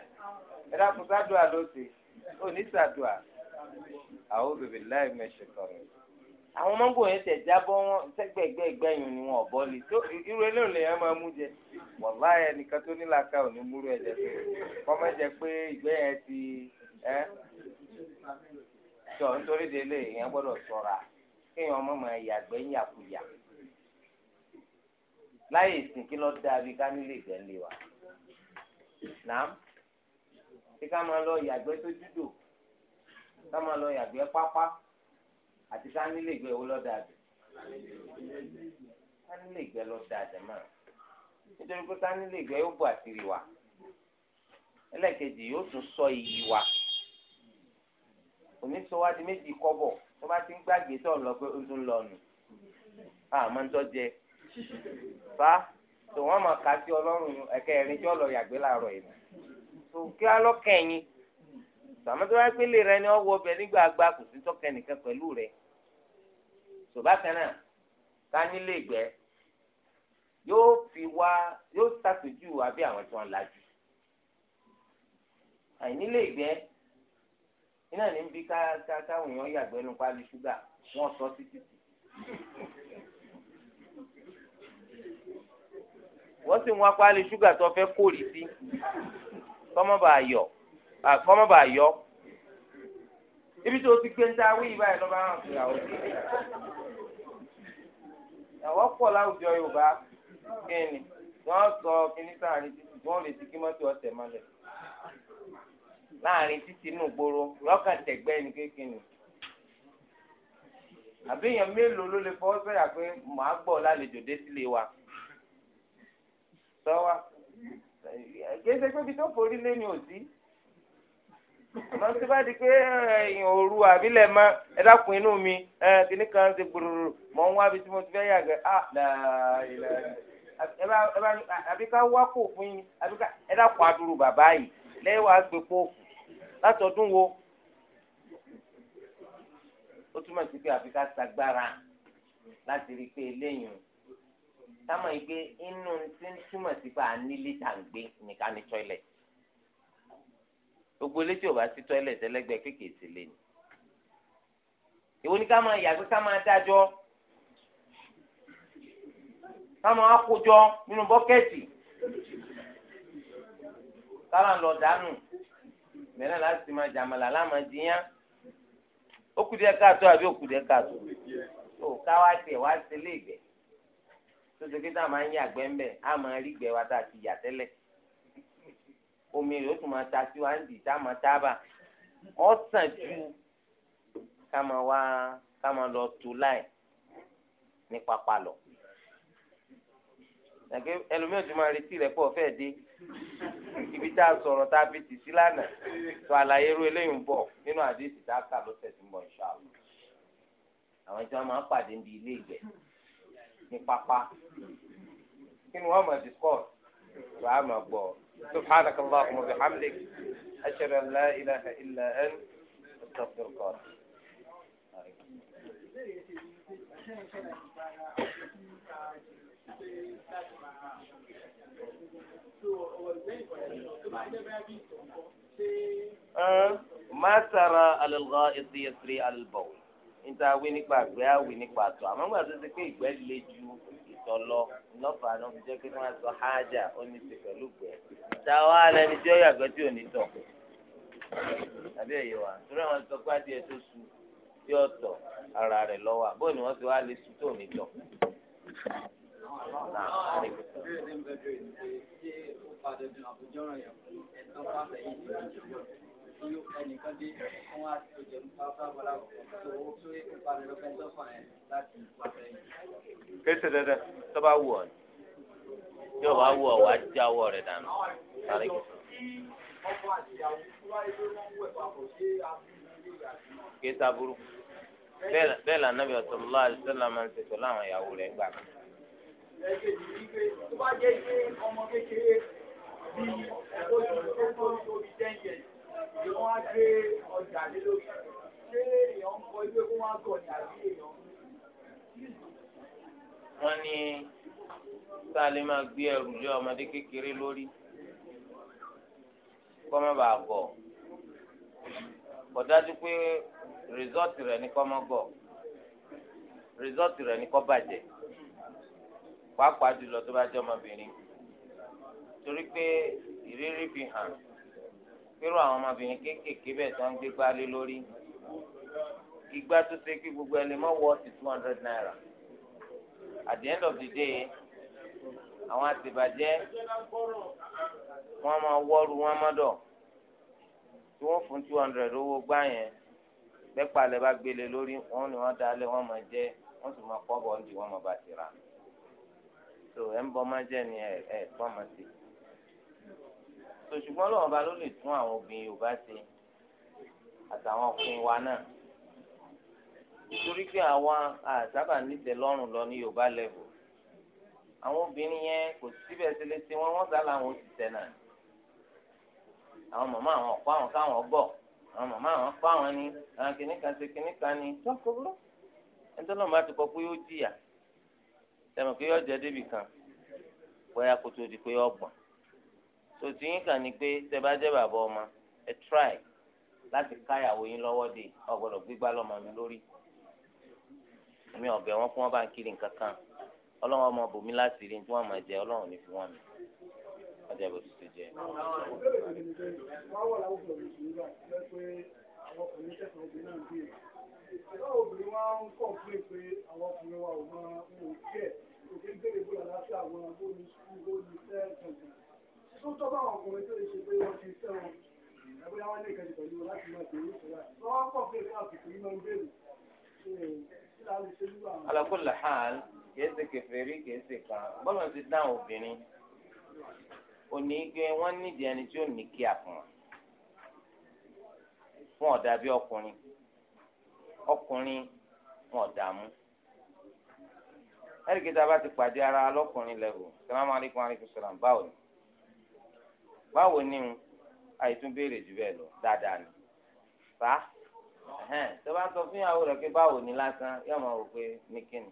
ẹ̀dá kùsàdúrà ló ṣe. onísàdùà àwọn bèbè láì mẹsẹ kọrin àwọn mọ́ngò yẹn tẹ̀ jábọ́ wọn sẹ́gbẹ̀gbẹ̀gbẹ̀ yìí ni wọn bọ́ lè tó irú eléyìí lèyàn máa mú jẹ wàlá yẹn e tó nílàáká ò ní múrú ẹ̀jẹ̀ tó kọ́mọ́ jẹ pé ìgbẹ́ ti ẹ́ tọ̀ nítorí délé yẹn gbọ́dọ̀ ṣọ́ra kéèyàn ọmọ máa yàkuyà ìsìn kí lọ́ọ́ ká nílé ìgbẹ́ wa ṣé ká máa lọ yàgbẹ́ sójúdò ká máa lọ yàgbẹ́ pápá àti ká nílé ìgbẹ́ wo lọ́dà jù ká nílé ìgbẹ́ lọ́dà jù máa nítorí pé ká nílé ìgbẹ́ yóò bọ̀ àtìrì wa ẹlẹ́kejì yóò tún sọ iyì wa oníṣòwádìí méjì kọ́bọ̀ tó bá ti ń gbàgbé tó ń lọ pé ó tún lọ nù àmọ́ ń tọ́jẹ fa tòun àmọ́ ká sí ọlọ́run ẹ̀kẹ́ ẹ̀rin tí ó lọ yàgbé láàárọ̀ yìí òkè alọ́kẹ̀yìn sàmọ́tò wáyé pélé rẹ ni ọwọ́ ọbẹ̀ nígbà àgbà kò sí nìkan rẹ gbẹ yóò fi wá yóò ṣàpèjú àwọn tí wọn gbẹ iná ní bí ká ká káwọn èèyàn sọ títí sì ń wá pálí ṣúgà tó kọ́mọ́bà yọ kọ́mọ́bà yọ ibi tó ti gbé ń dáwé ìbáyìí lọ́ba hàn fún ìyàwó sí ìyàwó pọ̀ láwùjọ Yorùbá kíni wọ́n sọ kíní sáàrin títí wọ́n lè ti kí mọ́tò ọ̀sẹ̀ mọ́lẹ̀ láàrin títí inú gbòòrò lọ́kàtẹ̀gbẹ́ ni kékeré àbí èèyàn mélòó ló lè fọwọ́ sọ̀yà pé màá gbọ́ lálejò dé sílé wa sọ́wọ́. So, kéde pé ibi tó forí lé ni ò sí àmọ́ tí bá di pé eh, ẹ̀yìn òru àbílẹ̀ mọ́ ẹ dákun inú mi eh, kìnnì kan ṣe gbòòrò mọ́ ń wá bí tí mo ti fẹ́ yàgẹ́ ah, á àbí ká wá kó fún yín àbí ká ẹ dákun adúrú bàbá yìí lẹ́wọ̀ àgbẹ̀pọ̀ látọdún wo ó túmọ̀ sí pé àbí ká sagbára láti rí i pé eléyìí táwọn ìgbé inú ti ń túmọ̀ sí pé à ń nílé tà ń gbé nìkan ní toilet gbogbo ilé tí ò bá sí toilet ẹlẹ́gbẹ́ kéékèèké lé ni èwo ni ká máa yàgbé ká máa dájọ́ ká máa kójọ nínú bọ́kẹ́tì kára lọ dànù mẹ́rin láti máa jàmàlà láàmà jiyàn ó kù díẹ̀ káàtó àbí ó kù díẹ̀ káàtó tó káwá tiẹ̀ wá sílé ìgbẹ́ tó ṣe pé tá a máa ń yàgbẹ́ ń bẹ̀ á máa rí gbẹ tá a ti yà tẹ́lẹ̀ omi rẹ̀ ó tún máa ta sí wa ń dì tá a máa tábà ọ́ sàn ju ká máa wá ká máa lọ tó láì ní pápá lọ. Nàgbé ẹlòmíràn ti máa retí rẹ̀ pọ̀ fẹ́ẹ̀ dé ibi tá a sọ̀rọ̀ tá a fi tì sí lánàá tó àlàyé irú eléyìí ń bọ̀ nínú àdéhùn tá a kà lọ́sẹ̀ tí ń bọ̀ ìṣàlù. Àwọn ìjọba máa ń pàdé níbi ilé ìgbẹ́. ní pápá kí ni wọ́n máa discuss wà á máa gbọ́ subhanaka allahumma wa bihamdik ashhadu an la ilaha illa ant astaghfiruka wa atubu ما ترى على الغائط يسري على البول níta wí nípa àgbẹ̀ àwì nípa àtọ̀ àmọ́ gbà tó ṣe pé ìgbẹ́ le ju ìtọ̀ lọ lọ́fà náà fi jẹ́ pé wọ́n sọ hájà ó ní ti pẹ̀lú gbẹ̀. táwa lẹni tí ó yàgbẹ́ tí ò ní tọ̀ tàbí ẹ̀yẹ wa torí àwọn sọ pé adìẹ tó su tí ó tọ̀ ara rẹ̀ lọ́wọ́ àbó ni wọ́n ti wá lè su tó ní tọ̀. Ṣé o padà ní àbújá ọ̀rọ̀ yẹn? Ẹ̀ka pàṣẹ yìí ti ń jẹun tó yóò fẹ́ nìkan dé fún wa tó jẹ́ nípa fúlábọ́lá tó owó tó yẹ kó balẹ̀ lọ́fẹ́ lọ́fà ẹ̀ láti pàṣẹ yìí. kéṣe dandan tó bá wù ọ ni tí o bá wù ọ wá já ọwọ́ rẹ dànù sáré kìí. kìí sábúrú bẹ́ẹ̀ lànà bí ọ̀sán lọ́wọ́ àdìsọ́lá máa ń ṣe pẹ̀lú ìyàwó rẹ̀ gbà. ẹgbẹ́ tó bá jẹ́ pé ọmọ kékeré bíi ẹ̀kọ́ ìṣòro tó ń tóbi tóbi ten ni wọ́n á gbé ọjà lé lórí. Ṣé èèyàn ń kọ ilé kó wá gọ̀ ní àbí èèyàn? tá a lè máa gbé ẹrù lé ọmọdé kékeré lórí kọ́ má bàa gọ̀. Kò dájú pé rìsọ́ọ̀tì rẹ̀ ní kọ́ mọ́ gọ̀. Rìsọ́ọ̀tì rẹ̀ ní kọ́ bàjẹ́. Pàápàá jùlọ tó bá jẹ́ ọmọbìnrin. Torí pé ìrírí fi hàn irú àwọn ọmọbìnrin kéékèèké bẹ́ẹ̀ tó ń gbé gbálé lórí ìgbà tó ṣe pé gbogbo ẹlẹ́mọ̀ wọ́ sí two hundred naira at the end of the day àwọn àtìbàjẹ́ wọ́n máa wọ́ọ̀rù wọn mọ́dọ̀ tí wọ́n fún two hundred owó gbá yẹn lẹ́pàlẹ́ bá gbélé lórí wọn ni wọ́n dalẹ̀ wọ́n máa jẹ́ wọ́n sì máa kọ́ bọ́ọ̀lù wọ́n máa bàtìrà so ẹ̀ ń bọ́ máa jẹ́ ni ẹ̀ ẹ̀ pọ́n máa ti sòṣùgbọ́n lọ́wọ́ ba ló lè tún àwọn obìnrin Yorùbá ṣe àtàwọn ọkùnrin wa náà nítorí pé àwa àsábà nítẹ́ lọ́rùn lọ ní Yorùbá lẹ́bù àwọn obìnrin yẹn kò síbẹ̀ sí létí wọn wọ́n sá làwọn ti tẹ̀ náà àwọn màmá àwọn ọ̀pọ̀ àwọn káwọn gbọ́ àwọn màmá àwọn ọ̀pọ̀ àwọn ni àwọn kìnnìkan ṣe kìnnìkan ni tọ́kọ̀ ẹjọ́ náà má ti kọ pé ó jìyà tẹ̀mọ̀ pé yọ̀ọ́ di pé sòtì yín kàn ní pé tẹ bá jẹ́ bàbá ọmọ ẹ try láti káyàwó yín lọ́wọ́ dé ọ̀gbọ́dọ̀ gbígbá lọ́mọ mi lórí èmi ọ̀bẹ wọn fún wọn bá ń kiri nǹkan kan ọlọ́wọ́n ọmọ bòmí láti rí tí wọ́n máa jẹ ọlọ́run ní fi wọ́n mi ọjà ìbò tuntun jẹ. Ìjọba obìnrin wa ń kọ̀ pé pé àwọn ọkùnrin wa ò máa ń wò kí ẹ̀ kò ń bèrè bóyá láti àwọn agbóhùn sùkúl tó tọ́ bá ọkùnrin tó lè ṣe pé wọ́n ti sẹ́ wọn ẹgbẹ́ wọn lè kẹ́lẹ̀ pẹ̀lú láti máa bèèrè ìṣẹ́lá wọ́n wá pọ̀ pé káàkiri yìí máa ń bèèrè alakula hàn kìí ṣe kèfèrí kìí ṣe kan bọlọ ti dá obìnrin òní gbé wọn nídìí ẹni tí ó ní kí àfọn fún ọ̀dà bí ọkùnrin ọkùnrin wọn ọ̀dààmú ẹ̀ríkìtà bá ti pàdé ara lọ́kùnrin lẹ́rù sàlámù alaykum alaykum sàlám báwo ni. báwo ni o àìtún béèrè jù bẹ́ẹ̀ lọ dáadáa ni fa tó bá sọ fún ìyàwó rẹ pé báwo ni lásán yóò máa wò pé ní kíni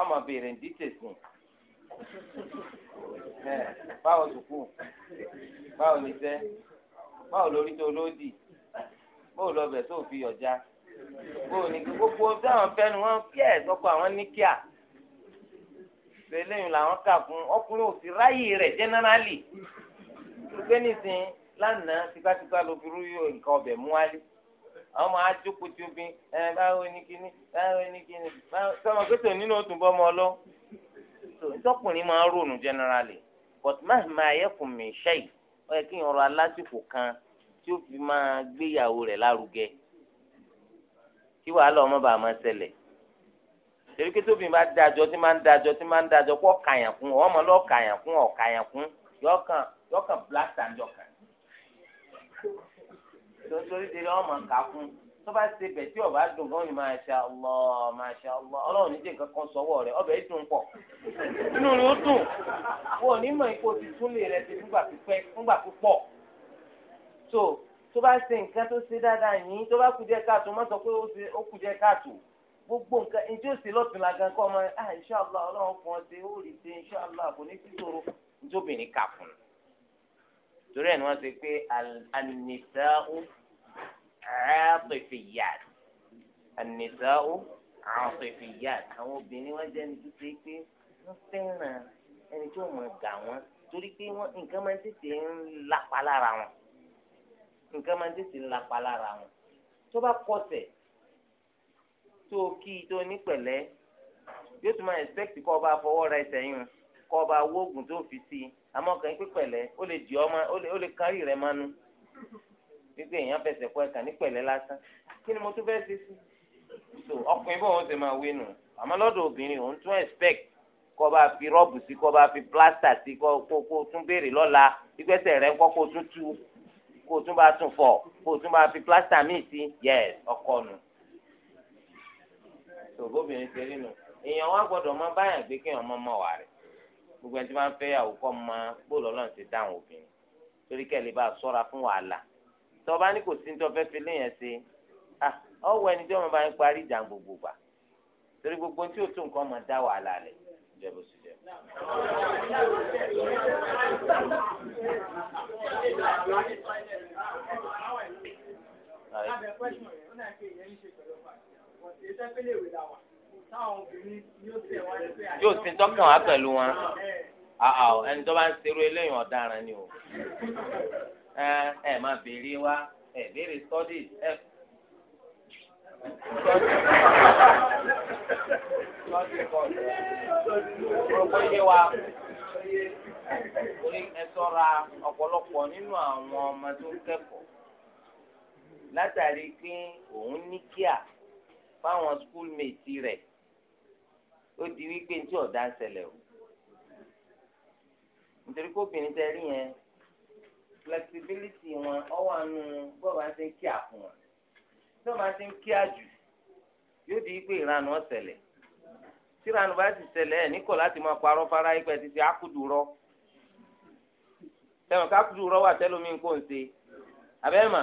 ọmọ béèrè ń dí báwo sùkú báwo ni sẹ báwo lórí tó lódì báwo tó fi ọjà báwo ni gbogbo fẹnu wọn kí ẹ àwọn lẹ́yìn làwọn kà fún ọkùnrin ò sí ráyè rẹ̀ jẹ́nẹ́rálì gbé nísìn lánàá tipátipá ló fi rú yóò nǹkan ọbẹ̀ mú wálé ọmọ ajókòó tí ẹ báwo ni kíní báwo ni kíní sọmọ pé nínú òtún bọ́mọ lọ ìtọ́kùnrin máa ń rònú jẹ́nẹ́rálì but máa máa yẹ fún mi ṣẹ́yì ó yẹ kí n rọ alásìkò kan tí ó fi máa gbéyàwó rẹ̀ lárugẹ kí wàhálà ọmọ bàá máa ṣẹlẹ̀ torí pé tóbi máa dájọ tí máa ń dájọ tí máa ń dájọ kó kàyàn kún ọmọ lọ kàyàn kún ọ kún yọkàn yọkàn blasta ń jọkàn torí torí ọmọ kà kún tó bá ṣe bẹ̀ tí ọba dùn gan ni masha ọlọ́run níjẹ́ nǹkan kan sọ́wọ́ ọbẹ̀ dùn pọ̀ inú ó dùn wọn ò ní ipò ti ti fúngbà pípẹ́ fúngbà púpọ̀ tó tó gbogbo nǹkan ẹni tí ó sì lọ́tún la gan kọ́ ọmọ ẹ̀ ah inṣàlá ọlọ́run fún ọ ṣe ó rí ṣe inṣàlá kò ní sí ṣòro nítóbìnrin kà fún un. torí ẹ̀ ni wọ́n ṣe pé an-nisā'u 'āṭifiyyāt an-nisā'u 'āṭifiyyāt àwọn obìnrin wọn jẹ́ ẹni tó ṣe pé wọ́n fẹ́ràn ẹni tí ó mọ̀ gà wọ́n torí pé nǹkan máa ń tètè ń lapa lára wọn nǹkan máa ń tètè ń lapa lára wọn tó bá kọsẹ̀ tó o kí i tó o ní pẹ̀lẹ́ yóò tún máa expect kọ́ ọba fọwọ́ ra ẹsẹ̀ yìí kọ́ ọba wóògùn tó fi sí i àmọ́ kàn pé pẹ̀lẹ́ ó lè dì ọ́ ma ó lè kárí rẹ̀ mánu gbígbé èèyàn fẹsẹ̀ kọ́ ẹ̀ka ní pẹ̀lẹ́ lásán kí ni mo tún fẹ́ẹ́ ṣe sí i so ọkùnrin bó wọn ṣe máa wé nù àmọ́ lọ́dọ̀ obìnrin òun tún expect kọ́ ọba fi rọ́ọ̀bù sí kọ́ ọba fi plaster sí kọ́ kó tún béèrè lọ́la ìgbésẹ̀ rẹ̀ kọ́ kó tún tú kó tún bá tún fọ̀ kó tún bá fi plaster míì sí yes ọkọ nù tòbóbìnrin ṣe rí nu èèyàn wá gbọ́dọ̀ mọ báyàn gbé kéèyàn mọ mọ wà rẹ gbogbo ẹni tí wọn fẹ́ àwòkọ mọ bóòlù Ọlọ́run ti dáhùn obìnrin torí kẹlẹ bá ṣọ́ra fún wàhálà tọba ní kò sí ní tọfẹ fi léèyàn ṣe ọwọ́ ah, ẹni tí wọn bá ń parí ìjà gbogbo gbà torí gbogbo tí o tún nǹkan mọ dá wàhálà rẹ jẹbù sí jẹ. Thank yóò sin tọkàn wá pẹ̀lú wọn àà ẹni tó bá ń serú eléyìí ọ̀daràn ni o ẹ ẹ máa béèrè wá ẹ béèrè sọ́dí ẹ ọ̀pọ̀ yé wa orí ẹ ṣọ́ra ọ̀pọ̀lọpọ̀ nínú àwọn ọmọ tó ń kẹ́kọ̀ọ́ látàrí pé òun ní kíá fáwọn skúlmẹ̀tì rẹ̀ ó di wípé ní tí ọ̀dà ń ṣẹlẹ̀ o nítorí pé obìnrin tẹ rí yẹn flexibility wọn ọwọ́ àánú bọ́ọ̀bù àti ń kí àfún wọn tí wọ́n bá ti ń kí àjù yóò di wípé ìranù ọ̀sẹ̀lẹ̀ tí ìranù bá ti ṣẹlẹ̀ ẹ̀ níkọ̀ láti máa parọ́ fara ipẹ̀ ti fi ákùdù rọ́ tẹ̀wọ̀n kákùdù rọ́ wà tẹ́lómi kò ń ṣe àbẹ́ẹ̀mà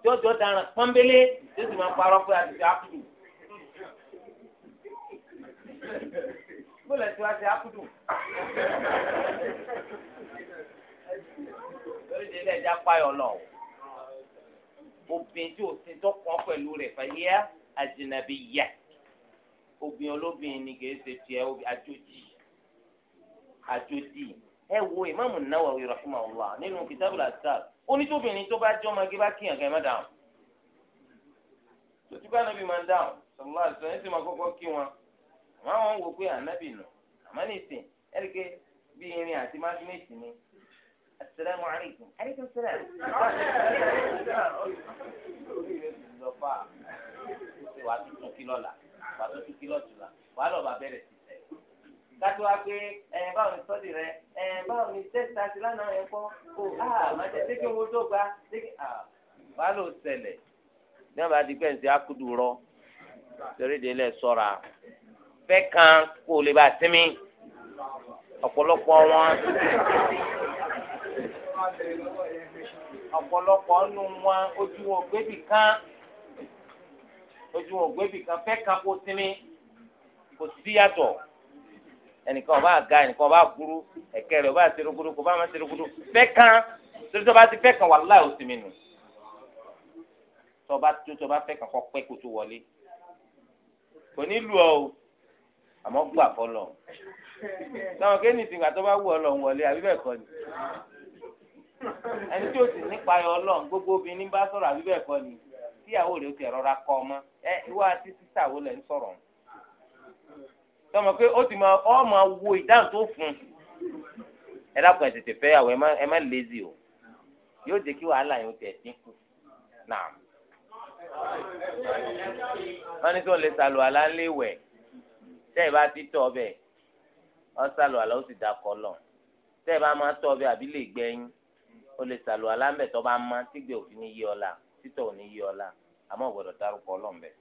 tí ó jọ daràn pọ́nbélé tí ó sì máa parọ́ fún àti fi gbọ́dọ̀ tí wàá ṣe ákùdù. lórí ìdílé ẹja payọ̀ lọ obìnrin tí òsín tó kàn pẹ̀lú rẹ̀ fẹ́yẹ́ àjìnàbí yẹ obìnrin olóbìnrin ni kìí ṣe tiẹ̀ àjòjì àjòjì ẹ wo ìmáàmù Nawawi rahimahullah nínú kitabul azkar onítòbìnrin tó bá jẹ́ ọmọge bá kíyàn kẹ́ ẹ má dáhùn tòtí bá nàbí máa ń dáhùn sallallahu alaihi wasallam ẹ sì máa kọ́kọ́ kí wọn. àmọ́ àwọn wò pé ànábì nù àmọ́ nìsín ẹ̀ríkẹ́ bí irin àti mágínẹ́tì ni asalaamu alaykum alaykum salaam Kátó pé ẹ báwo ni sọ́ọ̀dì rẹ ẹ báwo ni tẹ́sítà sí lánàá yẹn máa jẹ fẹ́ kan kó o lè bá sinmi ọ̀pọ̀lọpọ̀ wọn ọ̀pọ̀lọpọ̀ nù wọn ojú wọn gbébì kan ojú wọn gbébì kan fẹ́ kan kó sinmi kò sí yàtọ̀ ẹnìkan ọba àga ẹnìkan ọba àkúrú ẹ̀kẹ́ rẹ̀ ọba àṣerúgúdú kò bá má ṣerúgúdú fẹ́ kan torí tó bá ti fẹ́ kan wà láì òsìmí nù tọba tó tọba fẹ́ kan kọ́ pẹ́ kó tó wọlé kò ní lu ọ o àmọ́ gbà fọlọ táwọn kéènì tìgbà tó bá wù ọ wọlé àbí o sì nípa ẹ Ọlọ́run gbogbo obìnrin bá sọ̀rọ̀ àbí ni tíyàwó ti rọra kọ ọmọ ẹ ìwà àti sísà wo ń sọ̀rọ̀ tọmọ pé ó ti máa ọ ma wo ìdáhùn tó fún ẹ dákun ẹ tètè fẹ́ yàwó ẹ o yóò jẹ́ kí wàhálà yẹn ó tẹ̀ dínkù náà ní lè tẹ́ ẹ̀ bá ti tọ̀ ọbẹ̀ ọ sàlùwàlà ó sì dakọ̀ lọ tẹ́ ẹ̀ bá máa tọ̀ ọbẹ̀ àbí lè gbẹ́yìn o lè sàlùwàlà ń bẹ̀ tọ́ bá má tígbẹ́ òfin ní yí ọ̀la títọ̀ ò ní yí ọ̀la àmọ́ gbọ́dọ̀ dárúkọ ọlọ́run bẹ̀.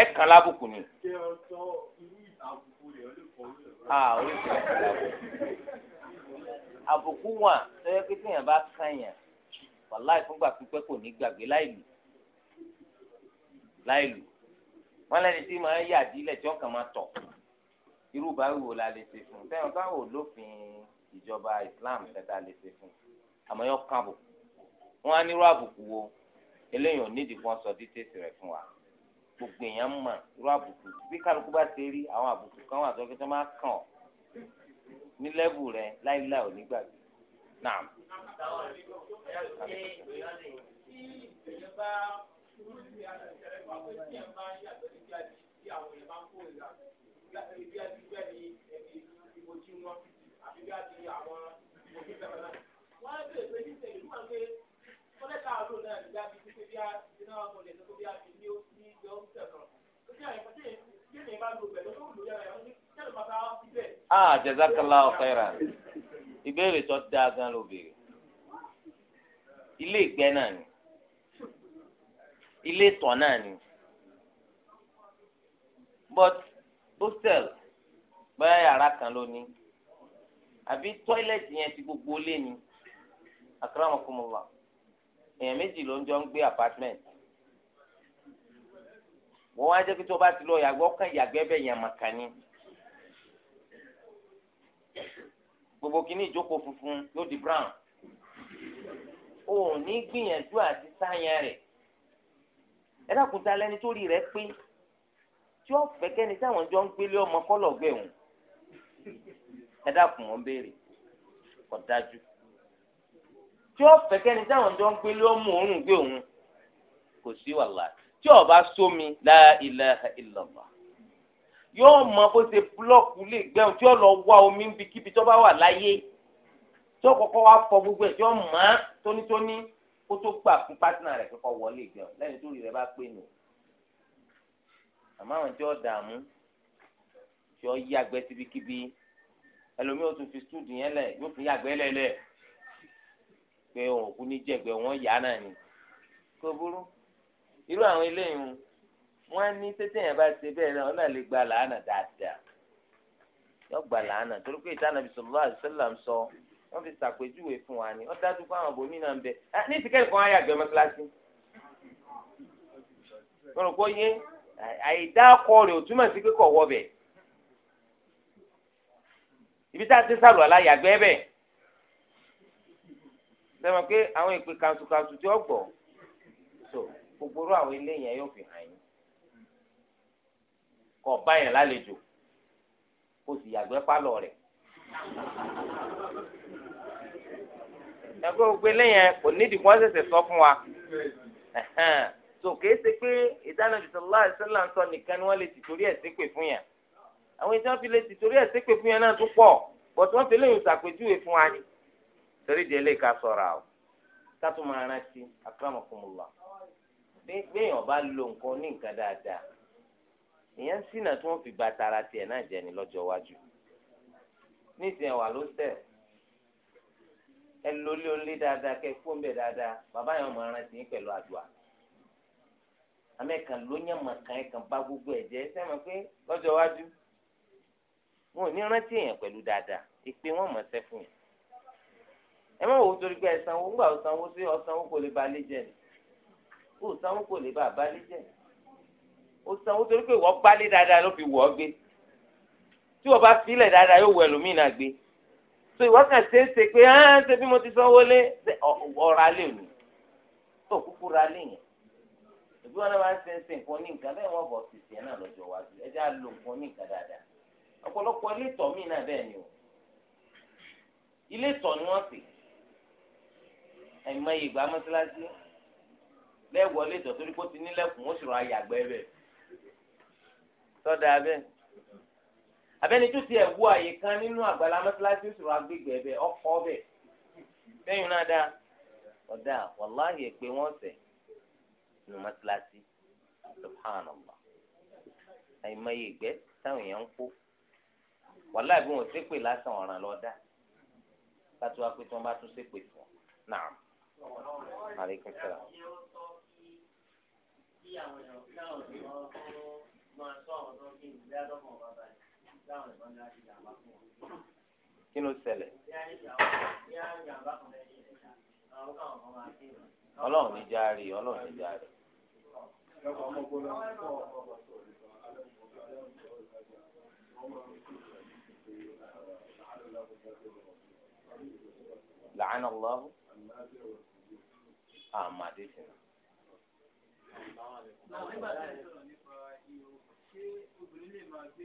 ẹ kàn lábùkù ni. àbùkù wà tó pé téèyàn bá kàn yàn wàláì fúngbà pípẹ́ kò ní gbàgbé láìlù láìlù wọn lẹni tí màá yà dílẹ̀ tí wọn kàn máa tọ̀ irú báyìí wo la lè ṣe fún un sẹ́yìn káwọ́ lófin ìjọba Islam tẹ́ta lè ṣe fún un àmọ́ yọ kàn bò wọn á nírú àbùkù wo eléyìí ò nídìí fún ọsọ dítèsì rẹ̀ fún wa gbogbo èèyàn mọ̀ irú àbùkù bí kálukú bá ṣe rí àwọn àbùkù kan wà tó kí tó máa kàn ọ́ ní lẹ́bù rẹ̀ láìláì ò ní gbàgbé náà ah jazakallahu khairan ìbéèrè tó dáa gan ló béèrè ilé ìgbẹ́ náà ni ilé ìtọ̀ náà ni but hostel bóyá yàrá kan ló ní àbí tọ́ílẹ̀tì yẹn ti gbogbo lé ni akramakumullah èèyàn méjì ló ń jọ ń gbé apartment wọ́n wá jẹ́ pé tó bá ti lọ yàgbọ́ kàn yàgbẹ́ bẹ́ẹ̀ yàn màkà ni gbogbo kìíní ìjókòó funfun yóò di brown o ò ní gbìyànjú àti sáyàn rẹ̀ ẹ dákun ta lẹni tó rí rẹ pé tí ó fẹ́ kẹ́ni táwọn jọ ń gbélé ọmọ kọ́lọ̀ gbẹ̀ wọn ẹ dákun wọn béèrè kò dájú tí ó fẹ́ kẹ́ni táwọn jọ ń gbélé ọmọ òórùn gbẹ̀ wọn kò sí wàhálà tí ọba sómi la ilaha illallah yóò mọ bó ṣe búlọ́ọ̀kù lè gbẹ̀hùn tí ó lọ wá omi níbikíbi tó bá wà láyé tó kọ́kọ́ wá fọ gbogbo ẹ̀ tí wọ́n mọ̀ án tónítóní kó tó gbà fún pátínà rẹ̀ kọ́kọ́ wọlé ìjọ lẹ́yìn tó rí rẹ̀ bá pè nù. àmọ́ àwọn tí ó dààmú tí ó yàgbẹ́ síbikíbi ẹlòmíì ó tún fi stúdù yẹn lẹ̀ yóò fi yàgbẹ́ lẹ́lẹ̀ pé òun kú ní jẹ̀gbẹ́ wọn yá náà ni kó burú irú àwọn eléyìí wọn ní tẹ́tẹ́ yẹn bá ṣe bẹ́ẹ̀ náà wọn náà lè gba làánà dáadáa yọ gba làánà torí pé ìtànàbìsọ̀ lọ́wọ́ àdìsẹ́lẹ̀ sọ wọ́n fi ṣàpèjúwe fún wa ni wọ́n dájú fún àwọn bòmí náà ń bẹ ní ìsìkẹ́rì kan ayé àgbẹ̀ mọ́tíláṣí. wọ́n rò pé yé àìdá ọkọ rẹ̀ ò túmọ̀ sí pé kò wọ́ bẹ̀. ibi tá a ti sàlù aláyà gbẹ́ bẹ̀. sẹ́wọ̀n pé àwọn ìpè kàǹtùkàǹtù tí ó gbọ̀ tó gbogbo àwọn eléyìí yóò fi hàn yín. kọ̀ báyàn lálejò kó sì yàgbẹ́ pálọ̀ rẹ̀. ẹgbẹ́ gbogbo eléyẹn kò nídìí kí wọ́n ṣẹ̀ṣẹ̀ sọ fún wa so ṣe pé ìdáná bisalòlá ń sọ nìkan ni wọ́n lè tìtorí ẹ̀ fún yẹn fi lè tìtorí ẹ̀ fún yẹn náà tó pọ̀ wọ́n fi léyìn fún wa ni torí ká o máa rántí gbẹ̀yìn lo nǹkan ní nǹkan dáadáa ẹ lólé olé dáadáa kẹ fún bẹ dáadáa bàbá yẹn ọmọ ara ti ń pẹ̀lú àdúrà amẹ́kan ló yẹn mọ̀kàn ẹ̀kan bá gbogbo ẹ̀ jẹ́ ṣé mọ̀ pé lọ́jọ́ iwájú wọn ò ní rántí èèyàn pẹ̀lú dáadáa ìpè wọn mọ̀ ṣẹ́ fún yẹn ẹ má wò ó torí pé ẹ sanwó ńgbà ó sanwó sí ọsanwó kò lè ba alé jẹ ni ó sanwó kò lè ba àbálé jẹ ni ó sanwó torí pé ìwọ gbálé dáadáa ló fi wọ̀ ọ́ gbé tí wọ́n bá filẹ̀ dáadáa yóò wọ ẹlòmíì náà gbé so ìwọ́kàn ṣeéṣe pé ẹ́ ah, ṣe bí mo ti sanwó lé ọ̀rọ̀ alẹ́ òní tó kúkú ra alẹ́ yẹn ìbí wọn náà máa ń ṣe ń ṣe nǹkan ní nǹkan bẹ́ẹ̀ wọ́n bọ̀ ṣìṣì ẹ̀ náà lọ́jọ́ wájú ẹ jẹ́ à lo nǹkan ní nǹkan dáadáa ọ̀pọ̀lọpọ̀ ilé ìtọ̀ míì náà bẹ́ẹ̀ ni o ilé ìtọ̀ ni wọ́n pè ẹ̀mọye ìgbà mọ́ṣáláṣí lẹ́wọ̀ ilé ìtọ̀ torí kó ti nílẹ̀kùn ó sì rọ ayàgbẹ́ bẹ́ẹ̀ tọ́da bẹ́ẹ̀ abẹ́nijú ti ẹ̀ wú àyè kan nínú àgbàlá mọ́sálásí ìṣòro agbègbè ẹ̀bẹ̀ ọkọ̀ ọbẹ̀ lẹ́yìn náà dáa ọ̀dà wàláhì èpè wọ́n sẹ̀ nínú mọ́sálásí subhanallah àìmọye ìgbẹ́ táwọn èèyàn ń kó wàláhì bí wọ́n ṣépè lásán ọ̀ràn lọ́dà kátó wá tí wọ́n bá tún ṣépè fún ọ náà aleykum salaam. Tí àwọn èèyàn náà lọ máa sọ àwọn tó ń kí ìgbéyàwó kan bàbá kí ló ṣẹlẹ̀ ọlọ́run ní járe ọlọ́run ní járe. àmàdé sí Àwọn ìgbà tí a ń sọ̀rọ̀ nípa ṣé obìnrin lè máa gbé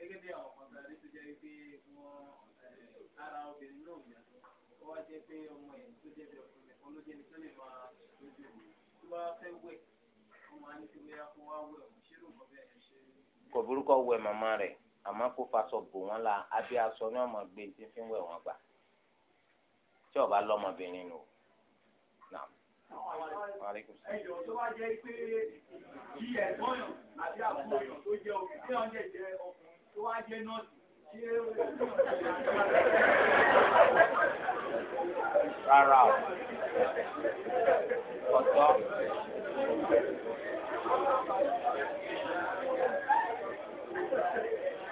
gẹ́gẹ́ bí àwọn kan tàbí tó jẹ́ pé wọ́n eh, ara obìnrin náà yà ó wá jẹ́ pé ọmọ ẹ̀ tó jẹ́ bí ọkùnrin kan ló jẹ́ ní sọ́lẹ̀ máa lójú òun tó bá fẹ́ wẹ̀ ọmọ á ní kí wíyá kó wá wẹ̀ ọ̀hún ṣé lóògùn bẹ́ẹ̀ ṣe. kò burúkọ wẹ màmá rẹ̀ àmọ́ kó faṣọ bò wọ́n la abẹ aṣọ ní ọmọ gbé tí fi ń wẹ̀ wọ́n gbà tí ọba lọmọbìnrin nù. Ẹ̀yọ̀ tó bá jẹ́ pé kí ẹ̀gbọ́n yàn àti àbúrò yàn tó jẹ́ ọkùnrin tí wọ́n jẹ́ jẹ́ ọkùnrin. tó wá jẹ́ nọ́ọ̀sì. Rárá o, ọ̀tọ̀.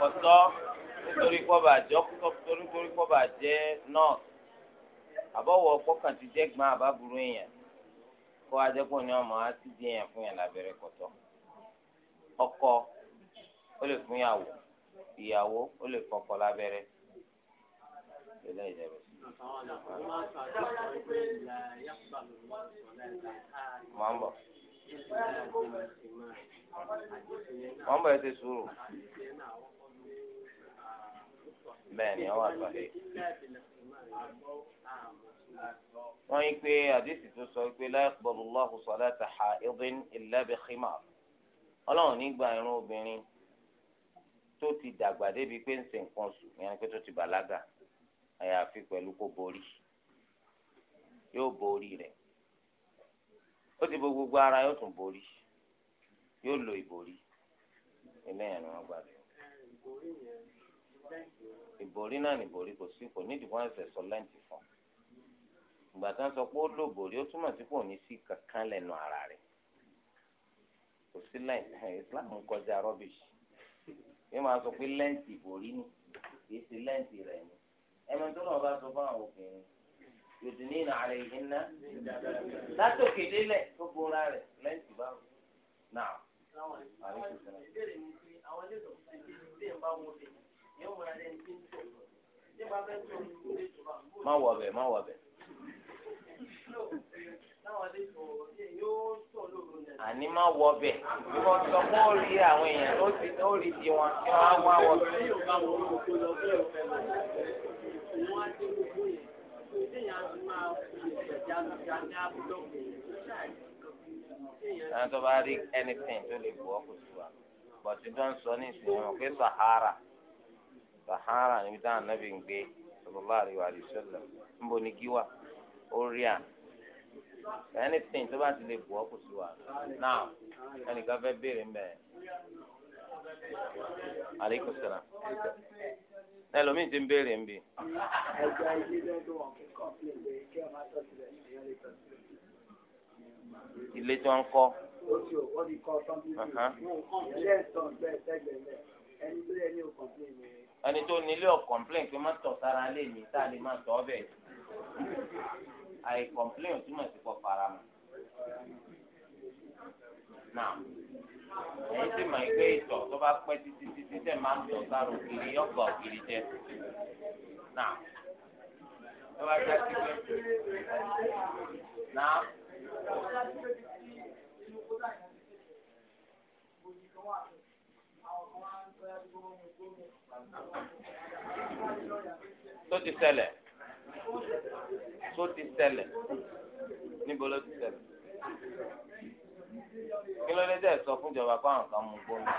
Ọ̀tọ̀ nítorí kọ́ba àjọ nítorí kọ́ba jẹ́ nọ́ọ̀sì. Àbọ̀wọ̀ ọ̀pọ̀kàn ti jẹ́ gbọ́n àbábúrú èèyàn. Kọ́ ọmọ á fún yàn lábẹ́rẹ́ Ọkọ ó ìyàwó ó lè fọkọ lábẹ́rẹ́ ilé ìjẹ̀bù. wọ́n bọ̀ wọ́n bọ̀ ẹ ti sùúrù bẹ́ẹ̀ ni wọ́n wà sọ̀rọ̀ wọ́n yí pé àdìsí tó sọ pé la yaqbalu Allahu salata ha'idin illa bi ọlọ́run nígbà irun obìnrin. tó ti dàgbà débi pé ń ṣe nǹkan oṣù yẹn pé tó ti bàlágà àyàfi pẹ̀lú kó borí yóò borí rẹ̀ ó ti bo gbogbo ara yóò tún borí yóò lo ìborí eléyàn ni wọ́n gbà lọ. ìborí náà ni ìborí kò sí kò nídìí wọ́n sọ lẹ́ǹtì fún ìgbà tí sọ pé ó lò borí ó túmọ̀ sí ní sí kankan lẹ́nu ara rẹ̀ kò sí lẹ́ǹtì Islam kọjá rọ́bìṣì. yóò máa sọ pé lẹ́ǹtì ìbòrí ni kìí ṣe lẹ́ǹtì rẹ̀ ni ẹ̀mọ tó náà bá sọ fún àwọn obìnrin yòtí ní ìnà àlẹ́ yìí ná látòkè délẹ̀ tó bora rẹ̀ lẹ́ǹtì báwo náà. ìbéèrè má wọ̀ bẹ̀ má wọ̀ bẹ̀. àní má wọ bẹ bí sọ pé ó àwọn èèyàn ó ti ó rí di wọn kí wọn wá wọ. Àwọn tó bá rí anything tó lè sí wa. Bọ̀tí tó ń sọ ní wọn pé Sahara Sahara níbi táwọn náà fi ń gbé sallallahu alaihi wa sallam. Níbo ni gíwà? Ó rí anything tó bá ti lè bù ọ́ kò sí wa now ẹnìkan fẹ́ béèrè ń bẹ̀ aleykum salaam ẹlòmíì ti ń béèrè ń bì. ilé tí wọ́n ń ẹni tó nílé kọ̀ǹplẹ̀ǹ pé má tọ̀ sára lé mi tá a lè má tọ̀ ọ́ bẹ̀. àìkọ̀m̀plẹ̀ ò túmọ̀ sí kọ́ fara mọ́. náà ẹ̀yin sì mọ̀ pé ìtọ̀ tó bá pẹ́ títí títí tẹ̀ máa ń tọ̀ sára ògiri ọgbà ògiri jẹ. náà tó bá já sí pé náà. tó ti ṣẹlẹ̀ tó ti ṣẹlẹ̀ níbo ló ti ṣẹlẹ̀ kí ló dé tẹ̀ sọ fún ìjọba pé àwọn kan mú gbóná.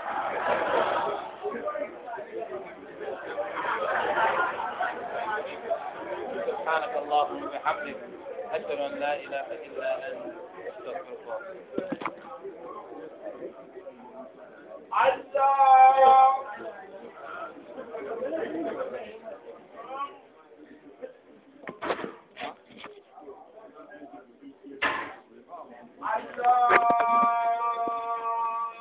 سبحانك اللهم وبحمدك أشهد أن لا إله إلا أنت أستغفرك عسى Àjọ.